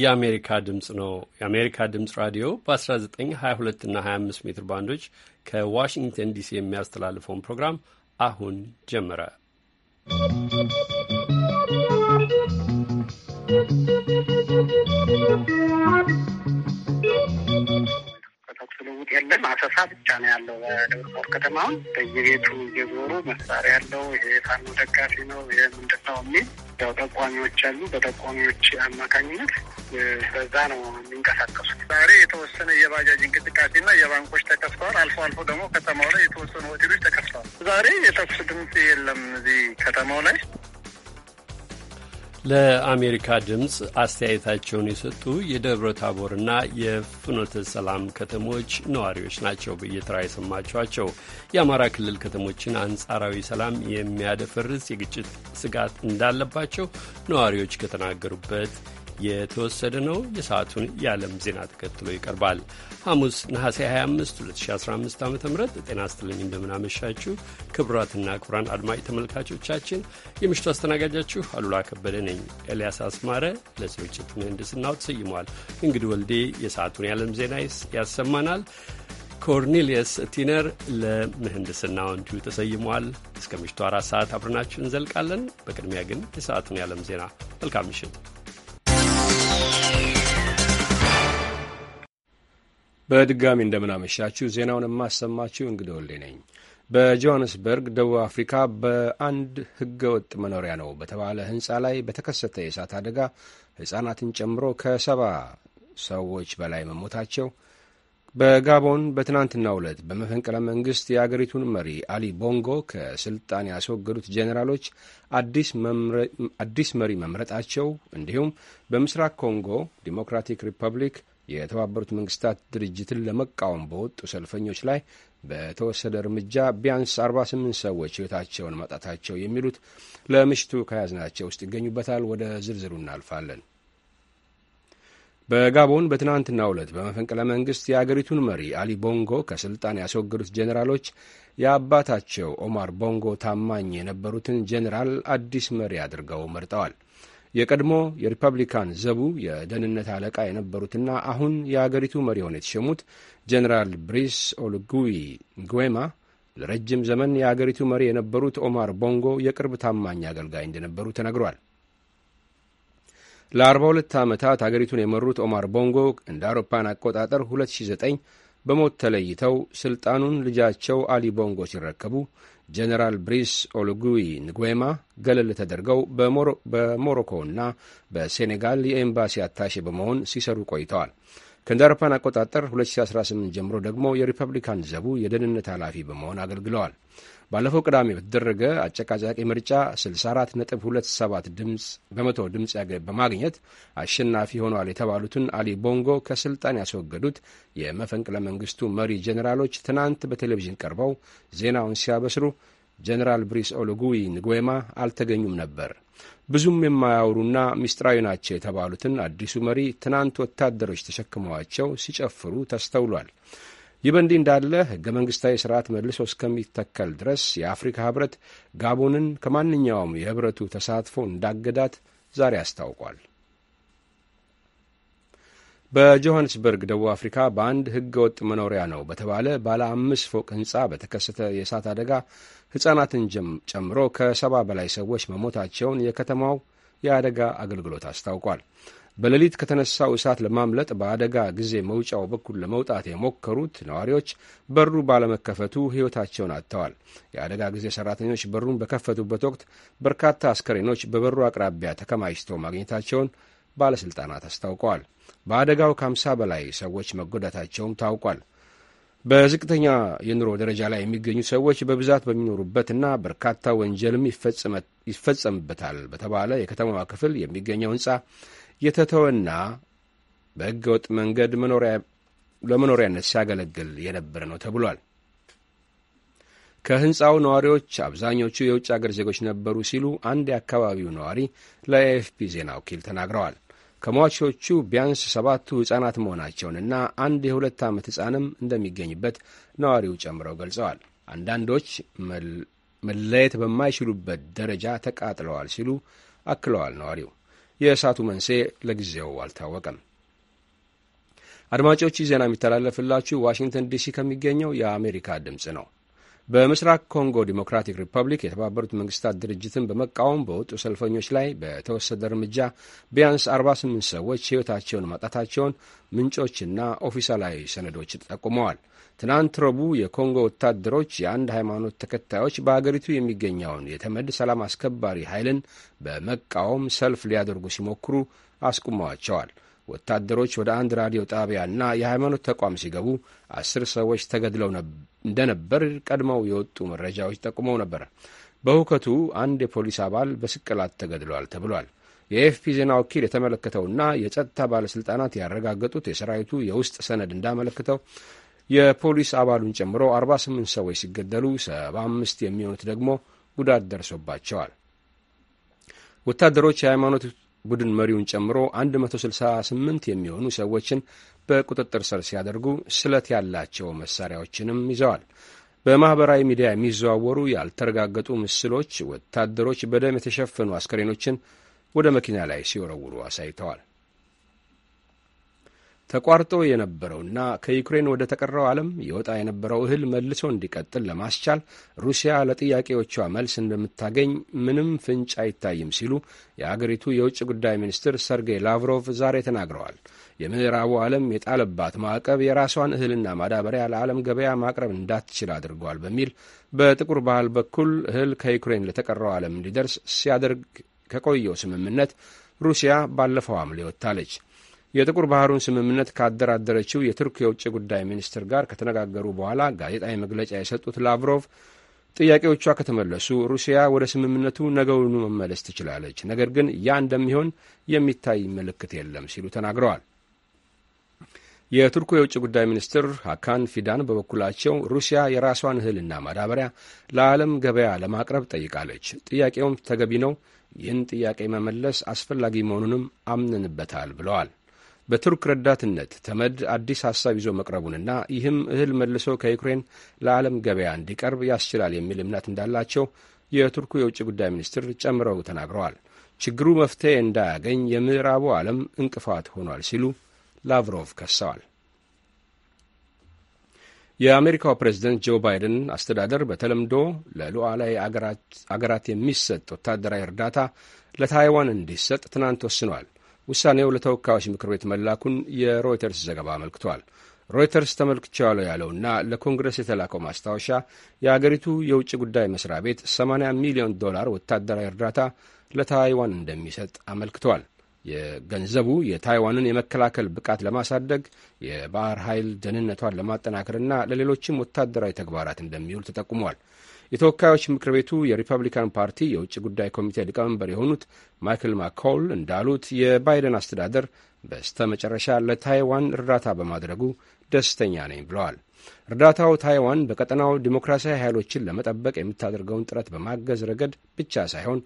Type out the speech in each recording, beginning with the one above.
የአሜሪካ ድምፅ ነው። የአሜሪካ ድምፅ ራዲዮ በ1922 እና 25 ሜትር ባንዶች ከዋሽንግተን ዲሲ የሚያስተላልፈውን ፕሮግራም አሁን ጀመረ። ¶¶ ተኩስ ልውውጥ የለም። አሰሳ ብቻ ነው ያለው። በደብረማርቆስ ከተማውን በየቤቱ እየዞሩ መሳሪያ ያለው ይሄ ፋኖ ደጋፊ ነው ይሄ ምንድን ነው የሚል ያው ጠቋሚዎች አሉ። በጠቋሚዎች አማካኝነት በዛ ነው የሚንቀሳቀሱት። ዛሬ የተወሰነ የባጃጅ እንቅስቃሴና የባንኮች ተከፍተዋል። አልፎ አልፎ ደግሞ ከተማው ላይ የተወሰኑ ሆቴሎች ተከፍተዋል። ዛሬ የተኩስ ድምፅ የለም እዚህ ከተማው ላይ ለአሜሪካ ድምፅ አስተያየታቸውን የሰጡ የደብረ ታቦርና የፍኖተ ሰላም ከተሞች ነዋሪዎች ናቸው። በየተራ የሰማችኋቸው የአማራ ክልል ከተሞችን አንጻራዊ ሰላም የሚያደፈርስ የግጭት ስጋት እንዳለባቸው ነዋሪዎች ከተናገሩበት የተወሰደ ነው። የሰዓቱን የዓለም ዜና ተከትሎ ይቀርባል። ሐሙስ ነሐሴ 25 2015 ዓ ም ጤና ይስጥልኝ እንደምናመሻችሁ ክቡራትና ክቡራን አድማጭ ተመልካቾቻችን የምሽቱ አስተናጋጃችሁ አሉላ ከበደ ነኝ። ኤልያስ አስማረ ለስርጭት ምህንድስናው ተሰይሟል። እንግዲህ ወልዴ የሰዓቱን የዓለም ዜና ያሰማናል። ኮርኔሊየስ ቲነር ለምህንድስናው እንዲሁ ተሰይሟል። እስከ ምሽቱ አራት ሰዓት አብረናችሁ እንዘልቃለን። በቅድሚያ ግን የሰዓቱን የዓለም ዜና። መልካም ምሽት። በድጋሚ እንደምናመሻችሁ ዜናውን የማሰማችሁ እንግዳ ወልዴ ነኝ። በጆሃንስበርግ ደቡብ አፍሪካ በአንድ ህገወጥ መኖሪያ ነው በተባለ ህንፃ ላይ በተከሰተ የእሳት አደጋ ህጻናትን ጨምሮ ከሰባ ሰዎች በላይ መሞታቸው፣ በጋቦን በትናንትናው ዕለት በመፈንቅለ መንግስት የአገሪቱን መሪ አሊ ቦንጎ ከስልጣን ያስወገዱት ጄኔራሎች አዲስ መሪ መምረጣቸው፣ እንዲሁም በምስራቅ ኮንጎ ዲሞክራቲክ ሪፐብሊክ የተባበሩት መንግስታት ድርጅትን ለመቃወም በወጡ ሰልፈኞች ላይ በተወሰደ እርምጃ ቢያንስ 48 ሰዎች ሕይወታቸውን ማጣታቸው የሚሉት ለምሽቱ ከያዝናቸው ውስጥ ይገኙበታል። ወደ ዝርዝሩ እናልፋለን። በጋቦን በትናንትናው ዕለት በመፈንቅለ መንግሥት የአገሪቱን መሪ አሊ ቦንጎ ከሥልጣን ያስወገዱት ጄኔራሎች የአባታቸው ኦማር ቦንጎ ታማኝ የነበሩትን ጄኔራል አዲስ መሪ አድርገው መርጠዋል። የቀድሞ የሪፐብሊካን ዘቡ የደህንነት አለቃ የነበሩትና አሁን የአገሪቱ መሪ ሆነው የተሸሙት ጀኔራል ብሪስ ኦልጉዊ ንጉዌማ ለረጅም ዘመን የአገሪቱ መሪ የነበሩት ኦማር ቦንጎ የቅርብ ታማኝ አገልጋይ እንደነበሩ ተነግሯል። ለ42 ዓመታት አገሪቱን የመሩት ኦማር ቦንጎ እንደ አውሮፓን አቆጣጠር 2009 በሞት ተለይተው ስልጣኑን ልጃቸው አሊ ቦንጎ ሲረከቡ ጀነራል ብሪስ ኦሉጉዊ ንጉዌማ ገለል ተደርገው በሞሮኮና በሴኔጋል የኤምባሲ አታሼ በመሆን ሲሰሩ ቆይተዋል። ከእንደ አውሮፓውያን አቆጣጠር 2018 ጀምሮ ደግሞ የሪፐብሊካን ዘቡ የደህንነት ኃላፊ በመሆን አገልግለዋል። ባለፈው ቅዳሜ በተደረገ አጨቃጫቂ ምርጫ 64.27 ድምፅ በመቶ ድምፅ በማግኘት አሸናፊ ሆኗል የተባሉትን አሊ ቦንጎ ከስልጣን ያስወገዱት የመፈንቅለ መንግስቱ መሪ ጀኔራሎች ትናንት በቴሌቪዥን ቀርበው ዜናውን ሲያበስሩ ጀኔራል ብሪስ ኦሎጉዊ ንጎማ አልተገኙም ነበር። ብዙም የማያወሩና ምስጢራዊ ናቸው የተባሉትን አዲሱ መሪ ትናንት ወታደሮች ተሸክመዋቸው ሲጨፍሩ ተስተውሏል። ይህ በእንዲህ እንዳለ ህገ መንግሥታዊ ሥርዓት መልሶ እስከሚተከል ድረስ የአፍሪካ ኅብረት ጋቦንን ከማንኛውም የኅብረቱ ተሳትፎ እንዳገዳት ዛሬ አስታውቋል። በጆሃንስበርግ ደቡብ አፍሪካ በአንድ ሕገ ወጥ መኖሪያ ነው በተባለ ባለ አምስት ፎቅ ሕንፃ በተከሰተ የእሳት አደጋ ሕፃናትን ጨምሮ ከሰባ በላይ ሰዎች መሞታቸውን የከተማው የአደጋ አገልግሎት አስታውቋል። በሌሊት ከተነሳው እሳት ለማምለጥ በአደጋ ጊዜ መውጫው በኩል ለመውጣት የሞከሩት ነዋሪዎች በሩ ባለመከፈቱ ሕይወታቸውን አጥተዋል። የአደጋ ጊዜ ሰራተኞች በሩን በከፈቱበት ወቅት በርካታ አስከሬኖች በበሩ አቅራቢያ ተከማችተው ማግኘታቸውን ባለሥልጣናት አስታውቀዋል። በአደጋው ከአምሳ በላይ ሰዎች መጎዳታቸውም ታውቋል። በዝቅተኛ የኑሮ ደረጃ ላይ የሚገኙ ሰዎች በብዛት በሚኖሩበትና በርካታ ወንጀልም ይፈጸምበታል በተባለ የከተማዋ ክፍል የሚገኘው ሕንጻ የተተወና በሕገ ወጥ መንገድ ለመኖሪያነት ሲያገለግል የነበረ ነው ተብሏል። ከሕንፃው ነዋሪዎች አብዛኞቹ የውጭ አገር ዜጎች ነበሩ ሲሉ አንድ የአካባቢው ነዋሪ ለኤኤፍፒ ዜና ወኪል ተናግረዋል። ከሟቾቹ ቢያንስ ሰባቱ ሕፃናት መሆናቸውንና አንድ የሁለት ዓመት ሕፃንም እንደሚገኝበት ነዋሪው ጨምረው ገልጸዋል። አንዳንዶች መለየት በማይችሉበት ደረጃ ተቃጥለዋል ሲሉ አክለዋል ነዋሪው የእሳቱ መንስኤ ለጊዜው አልታወቀም። አድማጮች ዜና የሚተላለፍላችሁ ዋሽንግተን ዲሲ ከሚገኘው የአሜሪካ ድምፅ ነው። በምስራቅ ኮንጎ ዲሞክራቲክ ሪፐብሊክ የተባበሩት መንግስታት ድርጅትን በመቃወም በወጡ ሰልፈኞች ላይ በተወሰደ እርምጃ ቢያንስ 48 ሰዎች ሕይወታቸውን ማጣታቸውን ምንጮችና ኦፊሳላዊ ሰነዶች ጠቁመዋል። ትናንት ረቡዕ የኮንጎ ወታደሮች የአንድ ሃይማኖት ተከታዮች በአገሪቱ የሚገኘውን የተመድ ሰላም አስከባሪ ኃይልን በመቃወም ሰልፍ ሊያደርጉ ሲሞክሩ አስቁመዋቸዋል። ወታደሮች ወደ አንድ ራዲዮ ጣቢያና የሃይማኖት ተቋም ሲገቡ አስር ሰዎች ተገድለው እንደነበር ቀድመው የወጡ መረጃዎች ጠቁመው ነበር። በሁከቱ አንድ የፖሊስ አባል በስቅላት ተገድሏል ተብሏል። የኤፍፒ ዜና ወኪል የተመለከተውና የጸጥታ ባለሥልጣናት ያረጋገጡት የሰራዊቱ የውስጥ ሰነድ እንዳመለክተው የፖሊስ አባሉን ጨምሮ 48 ሰዎች ሲገደሉ 75 የሚሆኑት ደግሞ ጉዳት ደርሶባቸዋል። ወታደሮች የሃይማኖት ቡድን መሪውን ጨምሮ 168 የሚሆኑ ሰዎችን በቁጥጥር ስር ሲያደርጉ ስለት ያላቸው መሳሪያዎችንም ይዘዋል። በማኅበራዊ ሚዲያ የሚዘዋወሩ ያልተረጋገጡ ምስሎች ወታደሮች በደም የተሸፈኑ አስከሬኖችን ወደ መኪና ላይ ሲወረውሩ አሳይተዋል። ተቋርጦ የነበረውና ከዩክሬን ወደ ተቀረው ዓለም የወጣ የነበረው እህል መልሶ እንዲቀጥል ለማስቻል ሩሲያ ለጥያቄዎቿ መልስ እንደምታገኝ ምንም ፍንጭ አይታይም ሲሉ የአገሪቱ የውጭ ጉዳይ ሚኒስትር ሰርጌይ ላቭሮቭ ዛሬ ተናግረዋል። የምዕራቡ ዓለም የጣለባት ማዕቀብ የራሷን እህልና ማዳበሪያ ለዓለም ገበያ ማቅረብ እንዳትችል አድርጓል በሚል በጥቁር ባህር በኩል እህል ከዩክሬን ለተቀረው ዓለም እንዲደርስ ሲያደርግ ከቆየው ስምምነት ሩሲያ ባለፈው ሐምሌ ወጥታለች። የጥቁር ባህሩን ስምምነት ካደራደረችው የቱርክ የውጭ ጉዳይ ሚኒስትር ጋር ከተነጋገሩ በኋላ ጋዜጣዊ መግለጫ የሰጡት ላቭሮቭ ጥያቄዎቿ ከተመለሱ ሩሲያ ወደ ስምምነቱ ነገውኑ መመለስ ትችላለች፣ ነገር ግን ያ እንደሚሆን የሚታይ ምልክት የለም ሲሉ ተናግረዋል። የቱርኩ የውጭ ጉዳይ ሚኒስትር ሀካን ፊዳን በበኩላቸው ሩሲያ የራሷን እህልና ማዳበሪያ ለዓለም ገበያ ለማቅረብ ጠይቃለች፣ ጥያቄውም ተገቢ ነው። ይህን ጥያቄ መመለስ አስፈላጊ መሆኑንም አምንንበታል ብለዋል። በቱርክ ረዳትነት ተመድ አዲስ ሐሳብ ይዞ መቅረቡንና ይህም እህል መልሶ ከዩክሬን ለዓለም ገበያ እንዲቀርብ ያስችላል የሚል እምነት እንዳላቸው የቱርኩ የውጭ ጉዳይ ሚኒስትር ጨምረው ተናግረዋል። ችግሩ መፍትሄ እንዳያገኝ የምዕራቡ ዓለም እንቅፋት ሆኗል ሲሉ ላቭሮቭ ከሰዋል። የአሜሪካው ፕሬዝደንት ጆ ባይደን አስተዳደር በተለምዶ ለሉዓላዊ አገራት የሚሰጥ ወታደራዊ እርዳታ ለታይዋን እንዲሰጥ ትናንት ወስኗል። ውሳኔው ለተወካዮች ምክር ቤት መላኩን የሮይተርስ ዘገባ አመልክቷል። ሮይተርስ ተመልክቻለሁ ያለውና ለኮንግረስ የተላከው ማስታወሻ የአገሪቱ የውጭ ጉዳይ መስሪያ ቤት 80 ሚሊዮን ዶላር ወታደራዊ እርዳታ ለታይዋን እንደሚሰጥ አመልክቷል። የገንዘቡ የታይዋንን የመከላከል ብቃት ለማሳደግ የባህር ኃይል ደህንነቷን ለማጠናከርና ለሌሎችም ወታደራዊ ተግባራት እንደሚውል ተጠቁሟል። የተወካዮች ምክር ቤቱ የሪፐብሊካን ፓርቲ የውጭ ጉዳይ ኮሚቴ ሊቀመንበር የሆኑት ማይክል ማኮል እንዳሉት የባይደን አስተዳደር በስተ መጨረሻ ለታይዋን እርዳታ በማድረጉ ደስተኛ ነኝ ብለዋል። እርዳታው ታይዋን በቀጠናው ዲሞክራሲያዊ ኃይሎችን ለመጠበቅ የምታደርገውን ጥረት በማገዝ ረገድ ብቻ ሳይሆን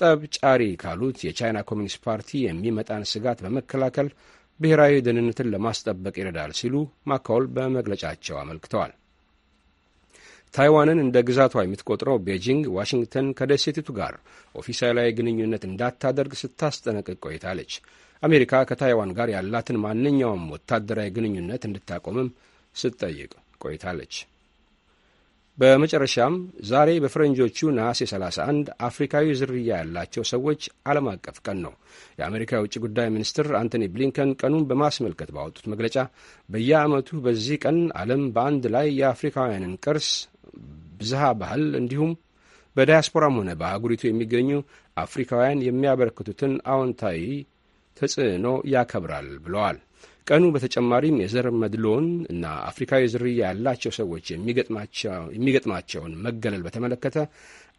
ጠብ ጫሪ ካሉት የቻይና ኮሚኒስት ፓርቲ የሚመጣን ስጋት በመከላከል ብሔራዊ ደህንነትን ለማስጠበቅ ይረዳል ሲሉ ማካወል በመግለጫቸው አመልክተዋል። ታይዋንን እንደ ግዛቷ የምትቆጥረው ቤጂንግ ዋሽንግተን ከደሴቲቱ ጋር ኦፊሴላዊ ግንኙነት እንዳታደርግ ስታስጠነቅቅ ቆይታለች። አሜሪካ ከታይዋን ጋር ያላትን ማንኛውም ወታደራዊ ግንኙነት እንድታቆምም ስትጠይቅ ቆይታለች። በመጨረሻም ዛሬ በፈረንጆቹ ነሐሴ 31 አፍሪካዊ ዝርያ ያላቸው ሰዎች ዓለም አቀፍ ቀን ነው። የአሜሪካ የውጭ ጉዳይ ሚኒስትር አንቶኒ ብሊንከን ቀኑን በማስመልከት ባወጡት መግለጫ በየዓመቱ በዚህ ቀን ዓለም በአንድ ላይ የአፍሪካውያንን ቅርስ ብዝሃ ባህል እንዲሁም በዳያስፖራም ሆነ በአህጉሪቱ የሚገኙ አፍሪካውያን የሚያበረክቱትን አዎንታዊ ተጽዕኖ ያከብራል ብለዋል። ቀኑ በተጨማሪም የዘር መድሎን እና አፍሪካዊ ዝርያ ያላቸው ሰዎች የሚገጥማቸውን መገለል በተመለከተ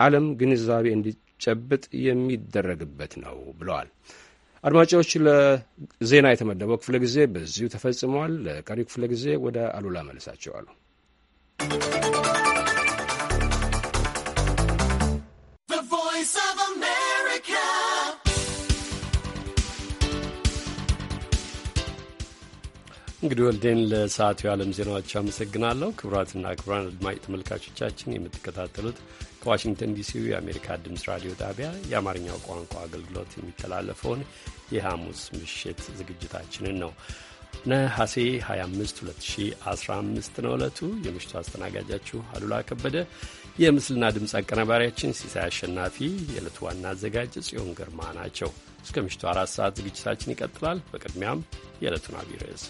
ዓለም ግንዛቤ እንዲጨብጥ የሚደረግበት ነው ብለዋል። አድማጮች፣ ለዜና የተመደበው ክፍለ ጊዜ በዚሁ ተፈጽመዋል። ለቀሪው ክፍለ ጊዜ ወደ አሉላ መለሳቸዋሉ። እንግዲህ ወልዴን ለሰዓቱ የዓለም ዜናዎች አመሰግናለሁ። ክቡራትና ክቡራን አድማጭ ተመልካቾቻችን የምትከታተሉት ከዋሽንግተን ዲሲ የአሜሪካ ድምፅ ራዲዮ ጣቢያ የአማርኛው ቋንቋ አገልግሎት የሚተላለፈውን የሐሙስ ምሽት ዝግጅታችንን ነው። ነሐሴ 25 2015 ነው ዕለቱ። የምሽቱ አስተናጋጃችሁ አሉላ ከበደ፣ የምስልና ድምፅ አቀናባሪያችን ሲሳይ አሸናፊ፣ የዕለቱ ዋና አዘጋጅ ጽዮን ግርማ ናቸው። እስከ ምሽቱ አራት ሰዓት ዝግጅታችን ይቀጥላል። በቅድሚያም የዕለቱን አብይ ርዕስ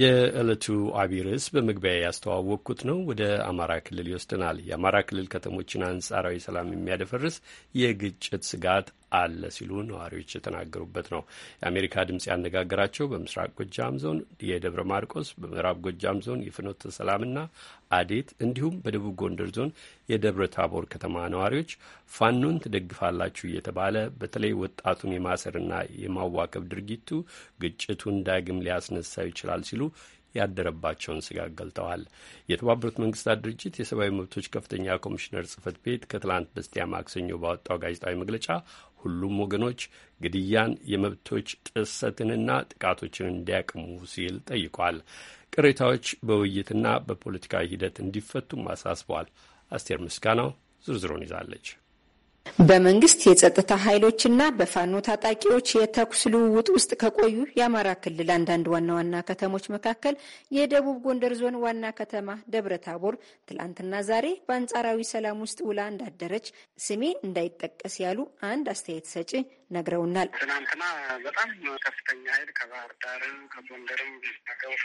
የዕለቱ አቢይ ርዕስ በመግቢያ ያስተዋወቅኩት ነው። ወደ አማራ ክልል ይወስደናል። የአማራ ክልል ከተሞችን አንጻራዊ ሰላም የሚያደፈርስ የግጭት ስጋት አለ ሲሉ ነዋሪዎች የተናገሩበት ነው። የአሜሪካ ድምጽ ያነጋገራቸው በምስራቅ ጎጃም ዞን የደብረ ማርቆስ፣ በምዕራብ ጎጃም ዞን የፍኖተ ሰላምና አዴት እንዲሁም በደቡብ ጎንደር ዞን የደብረ ታቦር ከተማ ነዋሪዎች ፋኖን ትደግፋላችሁ እየተባለ በተለይ ወጣቱን የማሰርና የማዋከብ ድርጊቱ ግጭቱን ዳግም ሊያስነሳው ይችላል ሲሉ ያደረባቸውን ስጋት ገልጠዋል። የተባበሩት መንግስታት ድርጅት የሰብአዊ መብቶች ከፍተኛ ኮሚሽነር ጽህፈት ቤት ከትላንት በስቲያ ማክሰኞ ባወጣው ጋዜጣዊ መግለጫ ሁሉም ወገኖች ግድያን፣ የመብቶች ጥሰትንና ጥቃቶችን እንዲያቅሙ ሲል ጠይቋል። ቅሬታዎች በውይይትና በፖለቲካዊ ሂደት እንዲፈቱም አሳስበዋል። አስቴር ምስጋናው ዝርዝሩን ይዛለች። በመንግስት የጸጥታ ኃይሎችና በፋኖ ታጣቂዎች የተኩስ ልውውጥ ውስጥ ከቆዩ የአማራ ክልል አንዳንድ ዋና ዋና ከተሞች መካከል የደቡብ ጎንደር ዞን ዋና ከተማ ደብረ ታቦር ትላንትና ዛሬ በአንጻራዊ ሰላም ውስጥ ውላ እንዳደረች ስሜ እንዳይጠቀስ ያሉ አንድ አስተያየት ሰጪ ነግረውናል። ትናንትና በጣም ከፍተኛ ኃይል ከባህር ዳርም ከጎንደርም ገውፋ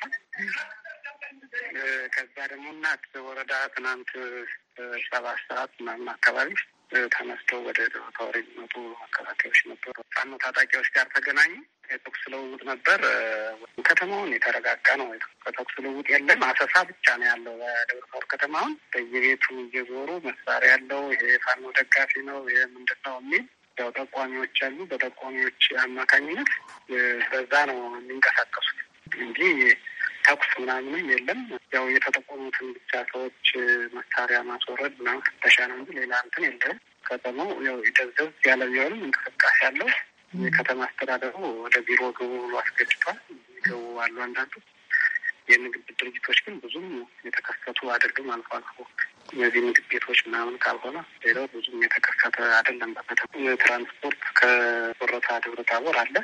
ከዛ ደግሞ እናት ወረዳ ትናንት ሰባት ሰዓት ምናምን አካባቢ ተነስተው ወደ ተወሪ መጡ። መከላከያዎች ነበሩ። ፋኖ ታጣቂዎች ጋር ተገናኙ። የተኩስ ልውውጥ ነበር። ከተማውን የተረጋጋ ነው። ከተኩስ ልውውጥ የለም። አሰሳ ብቻ ነው ያለው። በደብረ ታቦር ከተማውን በየቤቱ እየዞሩ መሳሪያ ያለው ይሄ ፋኖ ደጋፊ ነው ይሄ ምንድን ነው የሚል ያው ጠቋሚዎች አሉ። በጠቋሚዎች አማካኝነት በዛ ነው የሚንቀሳቀሱት እንጂ ተኩስ ምናምንም የለም። ያው የተጠቆሙትን ብቻ ሰዎች መሳሪያ ማስወረድ ና ፍተሻ ነው እንጂ ሌላ እንትን የለም። ከተማው ያው ደብደብ ያለ ቢሆንም እንቅስቃሴ አለው። የከተማ አስተዳደሩ ወደ ቢሮ ግቡ ብሎ አስገድቷል። ገቡ አሉ አንዳንዱ የምግብ ድርጅቶች ግን ብዙም የተከሰቱ አይደሉም። አልፎ አልፎ እነዚህ ምግብ ቤቶች ምናምን ካልሆነ ሌላው ብዙም የተከሰተ አይደለም። በከተማ ትራንስፖርት ከወረታ ደብረ ታቦር አለ።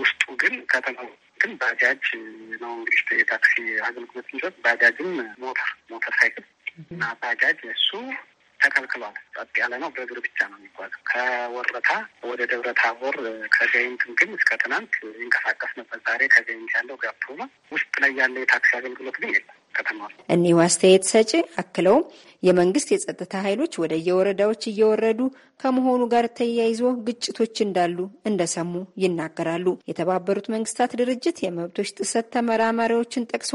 ውስጡ ግን ከተማ ግን ባጃጅ ነው እንግዲህ የታክሲ አገልግሎት የሚሰጥ ባጃጅም ሞተር ሞተር ሳይክል እና ባጃጅ እሱ ተከልክሏል። ጸጥ ያለ ነው። በእግር ብቻ ነው የሚጓዘው። ከወረታ ወደ ደብረ ታቦር ከጋይንት ግን እስከ ትናንት ይንቀሳቀስ ነበር። ዛሬ ከጋይንት ያለው ጋፕ ነው። ውስጥ ላይ ያለ የታክሲ አገልግሎት ግን የለም ከተማ። እኒሁ አስተያየት ሰጪ አክለውም የመንግስት የጸጥታ ኃይሎች ወደ የወረዳዎች እየወረዱ ከመሆኑ ጋር ተያይዞ ግጭቶች እንዳሉ እንደሰሙ ይናገራሉ። የተባበሩት መንግስታት ድርጅት የመብቶች ጥሰት ተመራማሪዎችን ጠቅሶ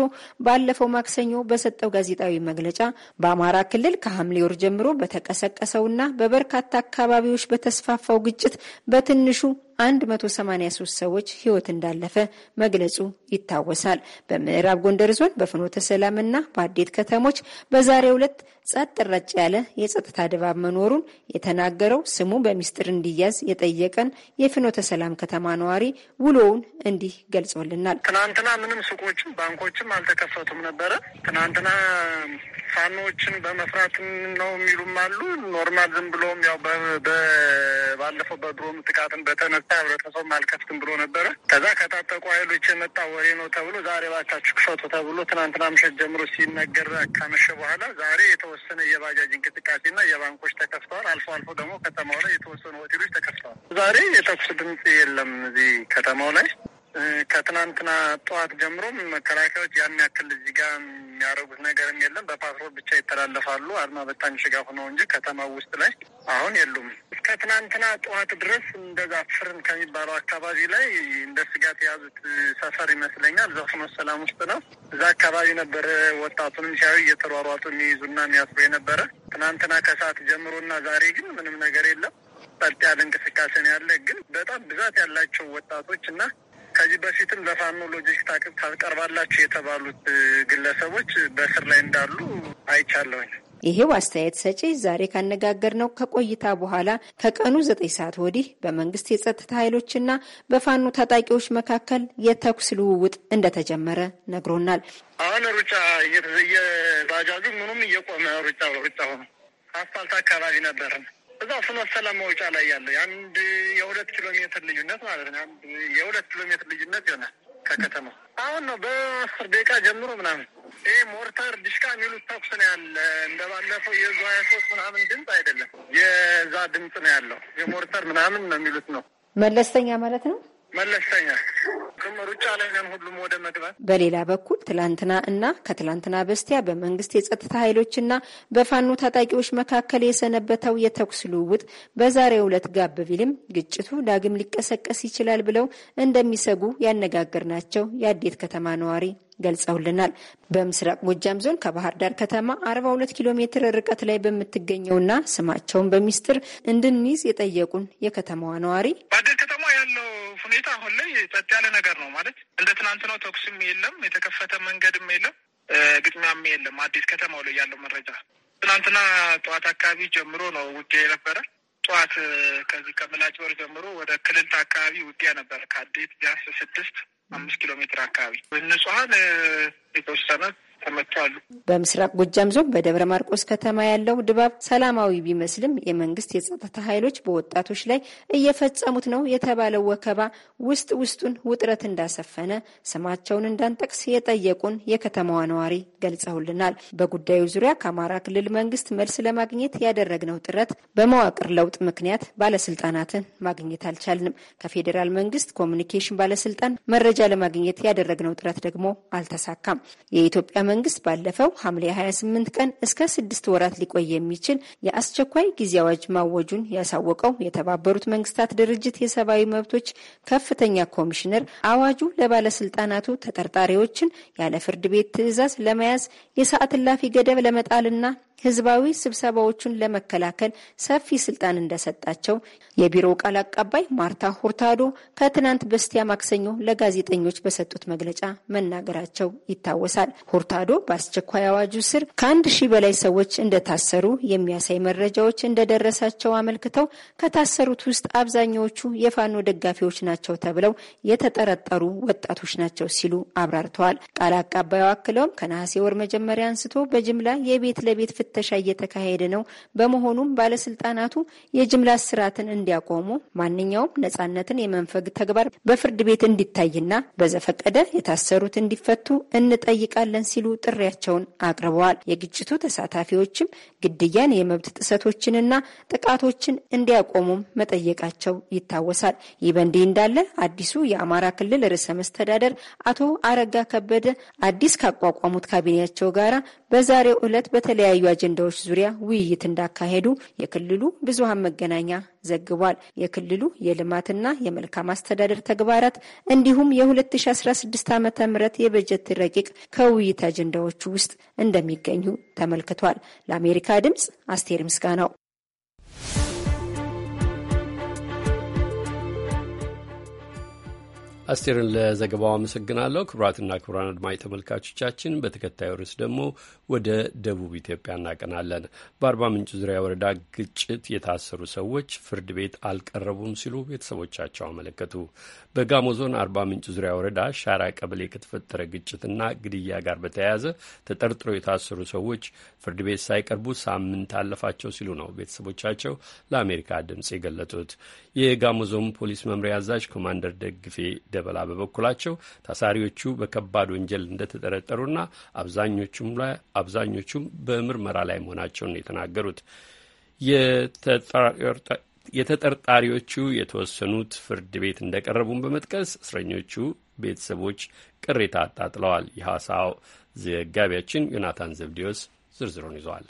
ባለፈው ማክሰኞ በሰጠው ጋዜጣዊ መግለጫ በአማራ ክልል ከሐምሌ ወር ጀምሮ በተቀሰቀሰውና በበርካታ አካባቢዎች በተስፋፋው ግጭት በትንሹ 183 ሰዎች ህይወት እንዳለፈ መግለጹ ይታወሳል። በምዕራብ ጎንደር ዞን በፍኖተ ሰላምና በአዴት ከተሞች በዛሬው ዕለት ጸጥ ረጭ ያለ የጸጥታ ድባብ መኖሩን የተናገረው ስሙ በሚስጥር እንዲያዝ የጠየቀን የፍኖተ ሰላም ከተማ ነዋሪ ውሎውን እንዲህ ገልጾልናል። ትናንትና ምንም ሱቆችም ባንኮችም አልተከፈቱም ነበረ። ትናንትና ፋኖችን በመፍራት ነው የሚሉም አሉ። ኖርማል ዝም ብሎም ያው ባለፈው በድሮም ጥቃትን በተነ ቁጣ ህብረተሰብ አልከፍትም ብሎ ነበረ። ከዛ ከታጠቁ ኃይሎች የመጣ ወሬ ነው ተብሎ ዛሬ ባካችሁ ክፈቱ ተብሎ ትናንትና ምሽት ጀምሮ ሲነገር ካመሸ በኋላ ዛሬ የተወሰነ የባጃጅ እንቅስቃሴና የባንኮች ተከፍተዋል። አልፎ አልፎ ደግሞ ከተማው ላይ የተወሰኑ ሆቴሎች ተከፍተዋል። ዛሬ የተኩስ ድምፅ የለም እዚህ ከተማው ላይ ከትናንትና ጠዋት ጀምሮም መከላከያዎች ያን ያክል እዚህ ጋር የሚያደርጉት ነገርም የለም። በፓትሮል ብቻ ይተላለፋሉ። አድማ በታኝ ሽጋፍ ነው እንጂ ከተማው ውስጥ ላይ አሁን የሉም። እስከ ትናንትና ጠዋት ድረስ እንደዛ ፍርን ከሚባለው አካባቢ ላይ እንደ ስጋት የያዙት ሰፈር ይመስለኛል። ዘፍኖ ሰላም ውስጥ ነው። እዛ አካባቢ ነበረ ወጣቱንም ሲያዩ እየተሯሯጡ የሚይዙና የሚያስሩ የነበረ። ትናንትና ከሰዓት ጀምሮና ዛሬ ግን ምንም ነገር የለም። ጸጥ ያለ እንቅስቃሴ ነው ያለ። ግን በጣም ብዛት ያላቸው ወጣቶች እና ከዚህ በፊትም ለፋኖ ሎጂስቲክ ታቀርባላችሁ የተባሉት ግለሰቦች በእስር ላይ እንዳሉ አይቻለሁኝ። ይሄው አስተያየት ሰጪ ዛሬ ካነጋገር ነው ከቆይታ በኋላ ከቀኑ ዘጠኝ ሰዓት ወዲህ በመንግስት የጸጥታ ኃይሎችና በፋኖ ታጣቂዎች መካከል የተኩስ ልውውጥ እንደተጀመረ ነግሮናል። አሁን ሩጫ ባጃጁ ምኑም እየቆመ ሩጫ ሩጫ ሆነ አስፋልት አካባቢ ነበርን። እዛ ፍኖተ ሰላም መውጫ ላይ ያለው የአንድ የሁለት ኪሎ ሜትር ልዩነት ማለት ነው። የሁለት ኪሎ ሜትር ልዩነት ይሆናል ከከተማ አሁን ነው በአስር ደቂቃ ጀምሮ ምናምን ይህ ሞርተር ዲሽቃ የሚሉት ተኩስ ነው ያለ። እንደ ባለፈው የዙ ሀያ ሶስት ምናምን ድምፅ አይደለም የዛ ድምፅ ነው ያለው። የሞርተር ምናምን ነው የሚሉት ነው መለስተኛ ማለት ነው። መለስተኛ ሩጫ ላይ ነን ሁሉም ወደ መግባት። በሌላ በኩል ትላንትና እና ከትላንትና በስቲያ በመንግስት የጸጥታ ኃይሎችና በፋኖ ታጣቂዎች መካከል የሰነበተው የተኩስ ልውውጥ በዛሬው ዕለት ጋብ ቢልም ግጭቱ ዳግም ሊቀሰቀስ ይችላል ብለው እንደሚሰጉ ያነጋገርናቸው የአዴት ከተማ ነዋሪ ገልጸውልናል። በምስራቅ ጎጃም ዞን ከባህር ዳር ከተማ 42 ኪሎ ሜትር ርቀት ላይ በምትገኘውና ስማቸውን በሚስጥር እንድንይዝ የጠየቁን የከተማዋ ነዋሪ ባደር ከተማ ያለው ሁኔታ አሁን ላይ ጸጥ ያለ ነገር ነው ማለት እንደ ትናንት ነው። ተኩስም የለም፣ የተከፈተ መንገድም የለም፣ ግጥሚያም የለም። አዲስ ከተማው ላይ ያለው መረጃ ትናንትና ጠዋት አካባቢ ጀምሮ ነው ውጊያ የነበረ። ጠዋት ከዚህ ከምላጭ ወር ጀምሮ ወደ ክልልት አካባቢ ውጊያ ነበረ ከአዴት ቢያንስ ስድስት አምስት ኪሎ ሜትር አካባቢ ንጹሀን የተወሰነ ተመታሉ። በምስራቅ ጎጃም ዞን በደብረ ማርቆስ ከተማ ያለው ድባብ ሰላማዊ ቢመስልም የመንግስት የጸጥታ ኃይሎች በወጣቶች ላይ እየፈጸሙት ነው የተባለው ወከባ ውስጥ ውስጡን ውጥረት እንዳሰፈነ ስማቸውን እንዳንጠቅስ የጠየቁን የከተማዋ ነዋሪ ገልጸውልናል። በጉዳዩ ዙሪያ ከአማራ ክልል መንግስት መልስ ለማግኘት ያደረግነው ጥረት በመዋቅር ለውጥ ምክንያት ባለስልጣናትን ማግኘት አልቻልንም። ከፌዴራል መንግስት ኮሚኒኬሽን ባለስልጣን መረጃ ለማግኘት ያደረግነው ጥረት ደግሞ አልተሳካም። የኢትዮጵያ መንግስት ባለፈው ሐምሌ 28 ቀን እስከ ስድስት ወራት ሊቆይ የሚችል የአስቸኳይ ጊዜ አዋጅ ማወጁን ያሳወቀው የተባበሩት መንግስታት ድርጅት የሰብአዊ መብቶች ከፍተኛ ኮሚሽነር አዋጁ ለባለስልጣናቱ ተጠርጣሪዎችን ያለ ፍርድ ቤት ትዕዛዝ ለመያዝ የሰዓት እላፊ ገደብ ለመጣልና ህዝባዊ ስብሰባዎችን ለመከላከል ሰፊ ስልጣን እንደሰጣቸው የቢሮው ቃል አቀባይ ማርታ ሁርታዶ ከትናንት በስቲያ ማክሰኞ ለጋዜጠኞች በሰጡት መግለጫ መናገራቸው ይታወሳል። ሁርታዶ በአስቸኳይ አዋጁ ስር ከአንድ ሺህ በላይ ሰዎች እንደታሰሩ የሚያሳይ መረጃዎች እንደደረሳቸው አመልክተው ከታሰሩት ውስጥ አብዛኛዎቹ የፋኖ ደጋፊዎች ናቸው ተብለው የተጠረጠሩ ወጣቶች ናቸው ሲሉ አብራርተዋል። ቃል አቀባዩ አክለውም ከነሐሴ ወር መጀመሪያ አንስቶ በጅምላ የቤት ለቤት ፍተሻ እየተካሄደ ነው። በመሆኑም ባለስልጣናቱ የጅምላ ስራትን እንዲያቆሙ፣ ማንኛውም ነጻነትን የመንፈግ ተግባር በፍርድ ቤት እንዲታይና በዘፈቀደ የታሰሩት እንዲፈቱ እንጠይቃለን ሲሉ ጥሪያቸውን አቅርበዋል። የግጭቱ ተሳታፊዎችም ግድያን፣ የመብት ጥሰቶችንና ጥቃቶችን እንዲያቆሙም መጠየቃቸው ይታወሳል። ይህ በእንዲህ እንዳለ አዲሱ የአማራ ክልል ርዕሰ መስተዳደር አቶ አረጋ ከበደ አዲስ ካቋቋሙት ካቢኔያቸው ጋራ በዛሬው ዕለት በተለያዩ አጀንዳዎች ዙሪያ ውይይት እንዳካሄዱ የክልሉ ብዙሃን መገናኛ ዘግቧል። የክልሉ የልማትና የመልካም አስተዳደር ተግባራት እንዲሁም የ2016 ዓ ም የበጀት ረቂቅ ከውይይት አጀንዳዎቹ ውስጥ እንደሚገኙ ተመልክቷል። ለአሜሪካ ድምፅ አስቴር ምስጋናው አስቴርን ለዘገባው አመሰግናለሁ። ክቡራትና ክቡራን አድማጭ ተመልካቾቻችን በተከታዩ ርዕስ ደግሞ ወደ ደቡብ ኢትዮጵያ እናቀናለን። በአርባ ምንጭ ዙሪያ ወረዳ ግጭት የታሰሩ ሰዎች ፍርድ ቤት አልቀረቡም ሲሉ ቤተሰቦቻቸው አመለከቱ። በጋሞ ዞን አርባ ምንጭ ዙሪያ ወረዳ ሻራ ቀበሌ ከተፈጠረ ግጭትና ግድያ ጋር በተያያዘ ተጠርጥረው የታሰሩ ሰዎች ፍርድ ቤት ሳይቀርቡ ሳምንት አለፋቸው ሲሉ ነው ቤተሰቦቻቸው ለአሜሪካ ድምጽ የገለጡት። የጋሞ ዞን ፖሊስ መምሪያ አዛዥ ኮማንደር ደግፌ ደበላ በበኩላቸው ታሳሪዎቹ በከባድ ወንጀል እንደተጠረጠሩና አብዛኞቹም በምርመራ ላይ መሆናቸውን የተናገሩት የተጠርጣሪዎቹ የተወሰኑት ፍርድ ቤት እንደቀረቡን በመጥቀስ እስረኞቹ ቤተሰቦች ቅሬታ አጣጥለዋል። የሐዋሳው ዘጋቢያችን ዮናታን ዘብዲዮስ ዝርዝሩን ይዘዋል።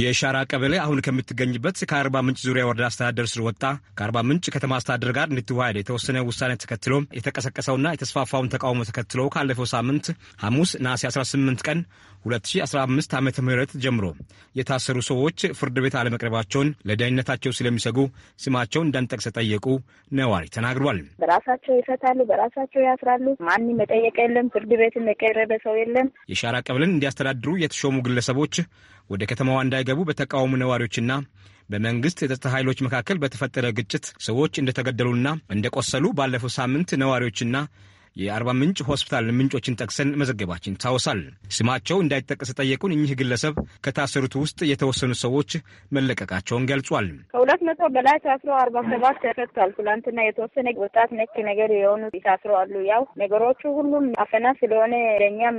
የሻራ ቀበሌ አሁን ከምትገኝበት ከአርባ ምንጭ ዙሪያ ወረዳ አስተዳደር ስር ወጣ ከአርባ ምንጭ ከተማ አስተዳደር ጋር እንድትዋሃድ የተወሰነ ውሳኔ ተከትሎ የተቀሰቀሰውና የተስፋፋውን ተቃውሞ ተከትሎ ካለፈው ሳምንት ሐሙስ ነሐሴ 18 ቀን 2015 ዓ ም ጀምሮ የታሰሩ ሰዎች ፍርድ ቤት አለመቅረባቸውን ለደህንነታቸው ስለሚሰጉ ስማቸውን እንዳንጠቅስ ጠየቁ ነዋሪ ተናግሯል። በራሳቸው ይፈታሉ፣ በራሳቸው ያስራሉ። ማን መጠየቅ የለም፣ ፍርድ ቤት የቀረበ ሰው የለም። የሻራ ቀበሌን እንዲያስተዳድሩ የተሾሙ ግለሰቦች ወደ ከተማዋ እንዳይገቡ በተቃውሙ ነዋሪዎችና በመንግስት የጸጥታ ኃይሎች መካከል በተፈጠረ ግጭት ሰዎች እንደተገደሉና እንደቆሰሉ ባለፈው ሳምንት ነዋሪዎችና የአርባ ምንጭ ሆስፒታል ምንጮችን ጠቅሰን መዘገባችን ይታወሳል። ስማቸው እንዳይጠቀስ የጠየቁን እኚህ ግለሰብ ከታሰሩት ውስጥ የተወሰኑ ሰዎች መለቀቃቸውን ገልጿል። ከሁለት መቶ በላይ ታስሮ አርባ ሰባት ተፈቷል። ትላንትና የተወሰነ ወጣት ነክ ነገር የሆኑ ታስሮ አሉ። ያው ነገሮቹ ሁሉም አፈና ስለሆነ ለእኛም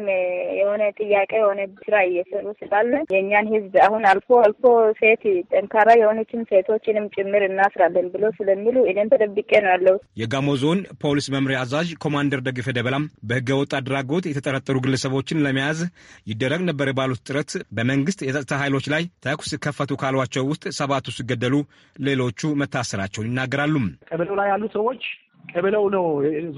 የሆነ ጥያቄ የሆነ ስራ እየሰሩ ስላለ የእኛን ህዝብ አሁን አልፎ አልፎ ሴት ጠንካራ የሆኑችን ሴቶችንም ጭምር እናስራለን ብሎ ስለሚሉ እኔም ተደብቄ ነው ያለው። የጋሞ ዞን ፖሊስ መምሪያ አዛዥ ኮማንደር ደግፈ ደበላም በህገ ወጥ አድራጎት የተጠረጠሩ ግለሰቦችን ለመያዝ ይደረግ ነበር ባሉት ጥረት በመንግስት የጸጥታ ኃይሎች ላይ ተኩስ ከፈቱ ካሏቸው ውስጥ ሰባቱ ሲገደሉ፣ ሌሎቹ መታሰራቸውን ይናገራሉ። ቀበሌው ላይ ያሉ ሰዎች ቀበለው ነው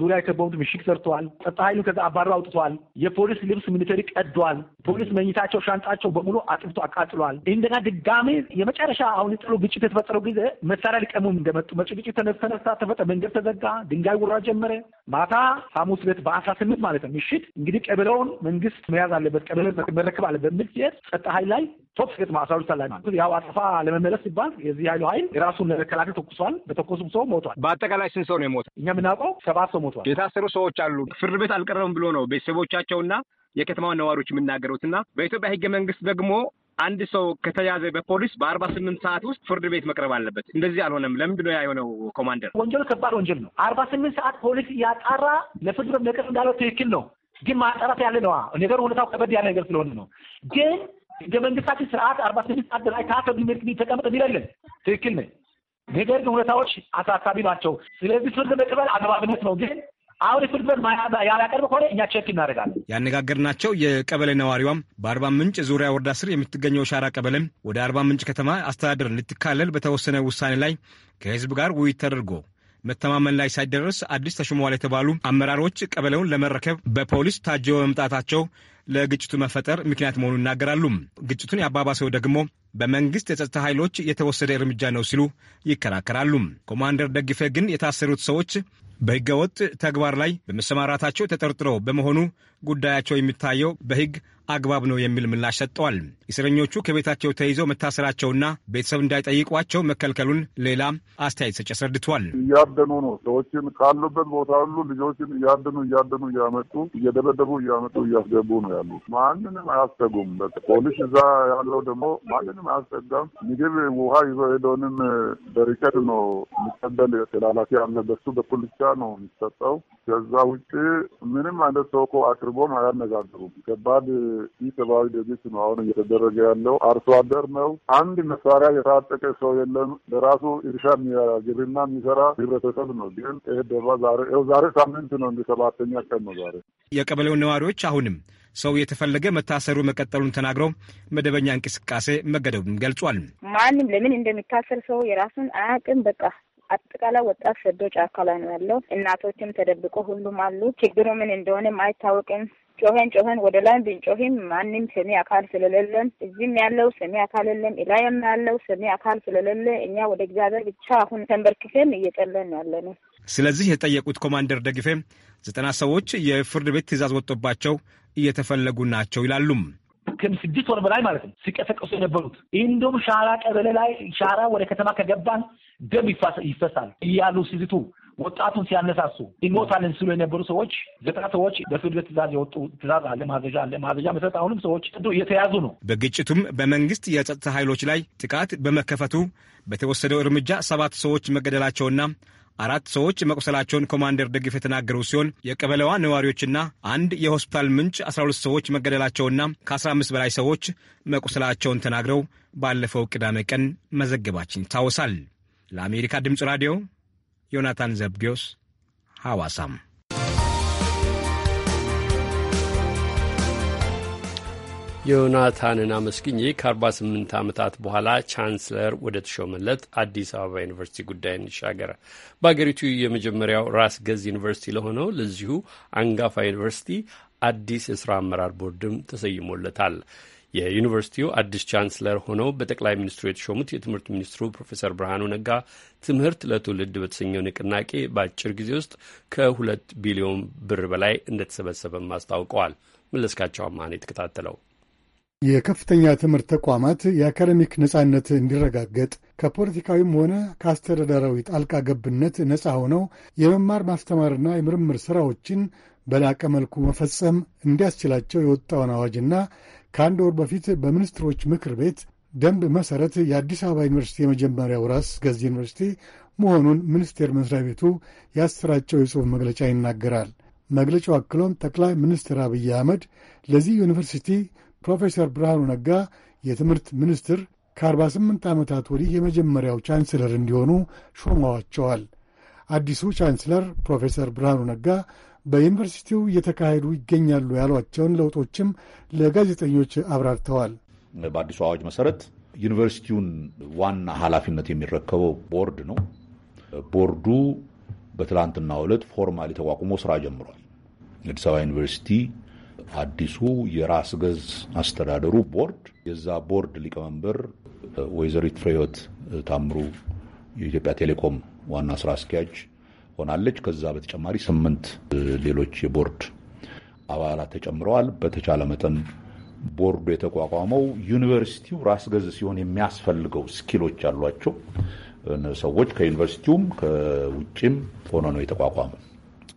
ዙሪያ የከበቡት ምሽግ ሰርተዋል። ጸጥታ ኃይሉ ከዛ አባረው አውጥተዋል። የፖሊስ ልብስ ሚሊተሪ ቀዷል። ፖሊስ መኝታቸው፣ ሻንጣቸው በሙሉ አጥፍቶ አቃጥሏል። እንደገና ድጋሜ የመጨረሻ አሁን ጥሎ ግጭት የተፈጠረው ጊዜ መሳሪያ ሊቀሙም እንደመጡ መጭ ግጭት ተነሳ ተፈጠ፣ መንገድ ተዘጋ፣ ድንጋይ ውራ ጀመረ። ማታ ሐሙስ ዕለት በአስራ ስምንት ማለት ነው ምሽት እንግዲህ ቀበለውን መንግስት መያዝ አለበት፣ ቀበለ መረክብ አለበት በሚል ሲሄድ ጸጥታ ኃይል ላይ ቶፕ ማሳሉ ሰላይ ማለት ያው አጸፋ ለመመለስ ሲባል የዚህ ኃይሉ ኃይል የራሱን ለመከላከል ተኩሷል። በተኮሱም ሰው ሞቷል። በአጠቃላይ ስንት ሰው ነው የሞተ? እኛ የምናውቀው ሰባት ሰው ሞቷል። የታሰሩ ሰዎች አሉ። ፍርድ ቤት አልቀረብም ብሎ ነው ቤተሰቦቻቸውና የከተማው ነዋሪዎች የሚናገሩት እና በኢትዮጵያ ህገ መንግስት ደግሞ አንድ ሰው ከተያዘ በፖሊስ በአርባ ስምንት ሰዓት ውስጥ ፍርድ ቤት መቅረብ አለበት። እንደዚህ አልሆነም። ለምንድን ነው ያ የሆነው? ኮማንደር ወንጀሉ ከባድ ወንጀል ነው። አርባ ስምንት ሰዓት ፖሊስ እያጣራ ለፍርድ ቤት መቅረብ እንዳለው ትክክል ነው። ግን ማጣራት ያለ ነዋ ነገሩ ሁኔታው ከበድ ያለ ነገር ስለሆነ ነው። ግን ህገ መንግስታችን ስርዓት አርባ ስምንት ሰዓት ላይ ከአፈ ተቀመጠ የሚለለን ትክክል ነኝ ነገር ግን ሁኔታዎች አሳሳቢ ናቸው። ስለዚህ ፍርድ መቅበል አግባብነት ነው ግን አሁን የፍርድ ቤት ያላቀርብ ከሆነ እኛ ቼክ እናደርጋለን። ያነጋገርናቸው የቀበሌ ነዋሪዋም በአርባ ምንጭ ዙሪያ ወረዳ ስር የምትገኘው ሻራ ቀበሌም ወደ አርባ ምንጭ ከተማ አስተዳደር እንድትካለል በተወሰነ ውሳኔ ላይ ከህዝብ ጋር ውይይት ተደርጎ መተማመን ላይ ሳይደረስ አዲስ ተሾመዋል የተባሉ አመራሮች ቀበሌውን ለመረከብ በፖሊስ ታጅበው መምጣታቸው ለግጭቱ መፈጠር ምክንያት መሆኑን ይናገራሉ። ግጭቱን ያባባሰው ደግሞ በመንግስት የጸጥታ ኃይሎች የተወሰደ እርምጃ ነው ሲሉ ይከራከራሉ። ኮማንደር ደግፈ ግን የታሰሩት ሰዎች በህገወጥ ተግባር ላይ በመሰማራታቸው ተጠርጥረው በመሆኑ ጉዳያቸው የሚታየው በህግ አግባብ ነው የሚል ምላሽ ሰጥተዋል። እስረኞቹ ከቤታቸው ተይዘው መታሰራቸውና ቤተሰብ እንዳይጠይቋቸው መከልከሉን ሌላ አስተያየት ሰጭ አስረድቷል። እያደኑ ነው። ሰዎችን ካሉበት ቦታ ሁሉ ልጆችን እያደኑ እያደኑ እያመጡ እየደበደቡ እያመጡ እያስገቡ ነው ያሉ። ማንንም አያስተጉም። ፖሊስ እዛ ያለው ደግሞ ማንንም አያስጠጋም። ምግብ ውሃ ይዞ ሄደውንም በሪከል ነው የሚቀበል። ተላላፊ አለ፣ በሱ በኩል ብቻ ነው የሚሰጠው። ከዛ ውጭ ምንም አይነት ሰው እኮ አቅርቦም አያነጋግሩም። ከባድ ይህ ሰብአዊ ድርጊት ነው አሁን እየተደረገ ያለው። አርሶ አደር ነው። አንድ መሳሪያ የታጠቀ ሰው የለም። ለራሱ እርሻ የሚሰራ ግብርና የሚሰራ ህብረተሰብ ነው። ግን ይህ ደባ ዛሬ ዛሬ ሳምንት ነው እንደ ሰባተኛ ቀን ነው ዛሬ። የቀበሌው ነዋሪዎች አሁንም ሰው የተፈለገ መታሰሩ መቀጠሉን ተናግረው መደበኛ እንቅስቃሴ መገደቡን ገልጿል። ማንም ለምን እንደሚታሰር ሰው የራሱን አያውቅም። በቃ አጠቃላይ ወጣት ሰዶች አካላ ነው ያለው። እናቶችም ተደብቆ ሁሉም አሉ። ችግሩ ምን እንደሆነም አይታወቅም። ጮኸን ጮኸን ወደ ላይ ብንጮህም ማንም ሰሚ አካል ስለሌለን እዚህም ያለው ሰሚ አካል የለም፣ ኢላየም ያለው ሰሚ አካል ስለሌለ እኛ ወደ እግዚአብሔር ብቻ አሁን ተንበርክከን እየጸለን ያለ ነው። ስለዚህ የጠየቁት ኮማንደር ደግፌ ዘጠና ሰዎች የፍርድ ቤት ትእዛዝ ወጥቶባቸው እየተፈለጉ ናቸው ይላሉም። ስድስት ወር በላይ ማለት ነው ሲቀሰቀሱ የነበሩት እንደውም ሻራ ቀበሌ ላይ ሻራ ወደ ከተማ ከገባን ደም ይፈሳል እያሉ ሲዝቱ ወጣቱን ሲያነሳሱ ይሞታልን ሲሉ የነበሩ ሰዎች ዘጠና ሰዎች በፍርድ ቤት ትእዛዝ የወጡ ትእዛዝ አለ፣ ማዘዣ አለ። ማዘዣ መሰረት አሁንም ሰዎች እየተያዙ ነው። በግጭቱም በመንግስት የጸጥታ ኃይሎች ላይ ጥቃት በመከፈቱ በተወሰደው እርምጃ ሰባት ሰዎች መገደላቸውና አራት ሰዎች መቁሰላቸውን ኮማንደር ደግፍ የተናገሩ ሲሆን የቀበለዋ ነዋሪዎችና አንድ የሆስፒታል ምንጭ 12 ሰዎች መገደላቸውና ከ15 በላይ ሰዎች መቁሰላቸውን ተናግረው ባለፈው ቅዳሜ ቀን መዘገባችን ይታወሳል። ለአሜሪካ ድምፅ ራዲዮ ዮናታን ዘብጌዎስ ሐዋሳም ዮናታንን አመስግኜ ከ48 ዓመታት በኋላ ቻንስለር ወደ ተሾመለት አዲስ አበባ ዩኒቨርሲቲ ጉዳይ እንሻገር። በአገሪቱ የመጀመሪያው ራስ ገዝ ዩኒቨርሲቲ ለሆነው ለዚሁ አንጋፋ ዩኒቨርሲቲ አዲስ የሥራ አመራር ቦርድም ተሰይሞለታል። የዩኒቨርሲቲው አዲስ ቻንስለር ሆነው በጠቅላይ ሚኒስትሩ የተሾሙት የትምህርት ሚኒስትሩ ፕሮፌሰር ብርሃኑ ነጋ ትምህርት ለትውልድ በተሰኘው ንቅናቄ በአጭር ጊዜ ውስጥ ከሁለት ቢሊዮን ብር በላይ እንደተሰበሰበም አስታውቀዋል። መለስካቸው አማን የተከታተለው የከፍተኛ ትምህርት ተቋማት የአካደሚክ ነጻነት እንዲረጋገጥ ከፖለቲካዊም ሆነ ከአስተዳደራዊ ጣልቃ ገብነት ነጻ ሆነው የመማር ማስተማርና የምርምር ሥራዎችን በላቀ መልኩ መፈጸም እንዲያስችላቸው የወጣውን አዋጅና ከአንድ ወር በፊት በሚኒስትሮች ምክር ቤት ደንብ መሠረት የአዲስ አበባ ዩኒቨርሲቲ የመጀመሪያው ራስ ገዝ ዩኒቨርሲቲ መሆኑን ሚኒስቴር መስሪያ ቤቱ ያሰራጨው የጽሑፍ መግለጫ ይናገራል። መግለጫው አክሎም ጠቅላይ ሚኒስትር አብይ አህመድ ለዚህ ዩኒቨርሲቲ ፕሮፌሰር ብርሃኑ ነጋ የትምህርት ሚኒስትር ከ48 ዓመታት ወዲህ የመጀመሪያው ቻንስለር እንዲሆኑ ሾመዋቸዋል። አዲሱ ቻንስለር ፕሮፌሰር ብርሃኑ ነጋ በዩኒቨርሲቲው እየተካሄዱ ይገኛሉ ያሏቸውን ለውጦችም ለጋዜጠኞች አብራርተዋል። በአዲሱ አዋጅ መሰረት ዩኒቨርሲቲውን ዋና ኃላፊነት የሚረከበው ቦርድ ነው። ቦርዱ በትላንትናው ዕለት ፎርማሊ ተቋቁሞ ስራ ጀምሯል። የአዲስ አበባ ዩኒቨርሲቲ አዲሱ የራስ ገዝ አስተዳደሩ ቦርድ የዛ ቦርድ ሊቀመንበር ወይዘሪት ፍሬህይወት ታምሩ የኢትዮጵያ ቴሌኮም ዋና ስራ አስኪያጅ ሆናለች። ከዛ በተጨማሪ ስምንት ሌሎች የቦርድ አባላት ተጨምረዋል። በተቻለ መጠን ቦርዱ የተቋቋመው ዩኒቨርሲቲው ራስ ገዝ ሲሆን የሚያስፈልገው ስኪሎች ያሏቸው ሰዎች ከዩኒቨርሲቲውም ከውጭም ሆነ ነው የተቋቋመው።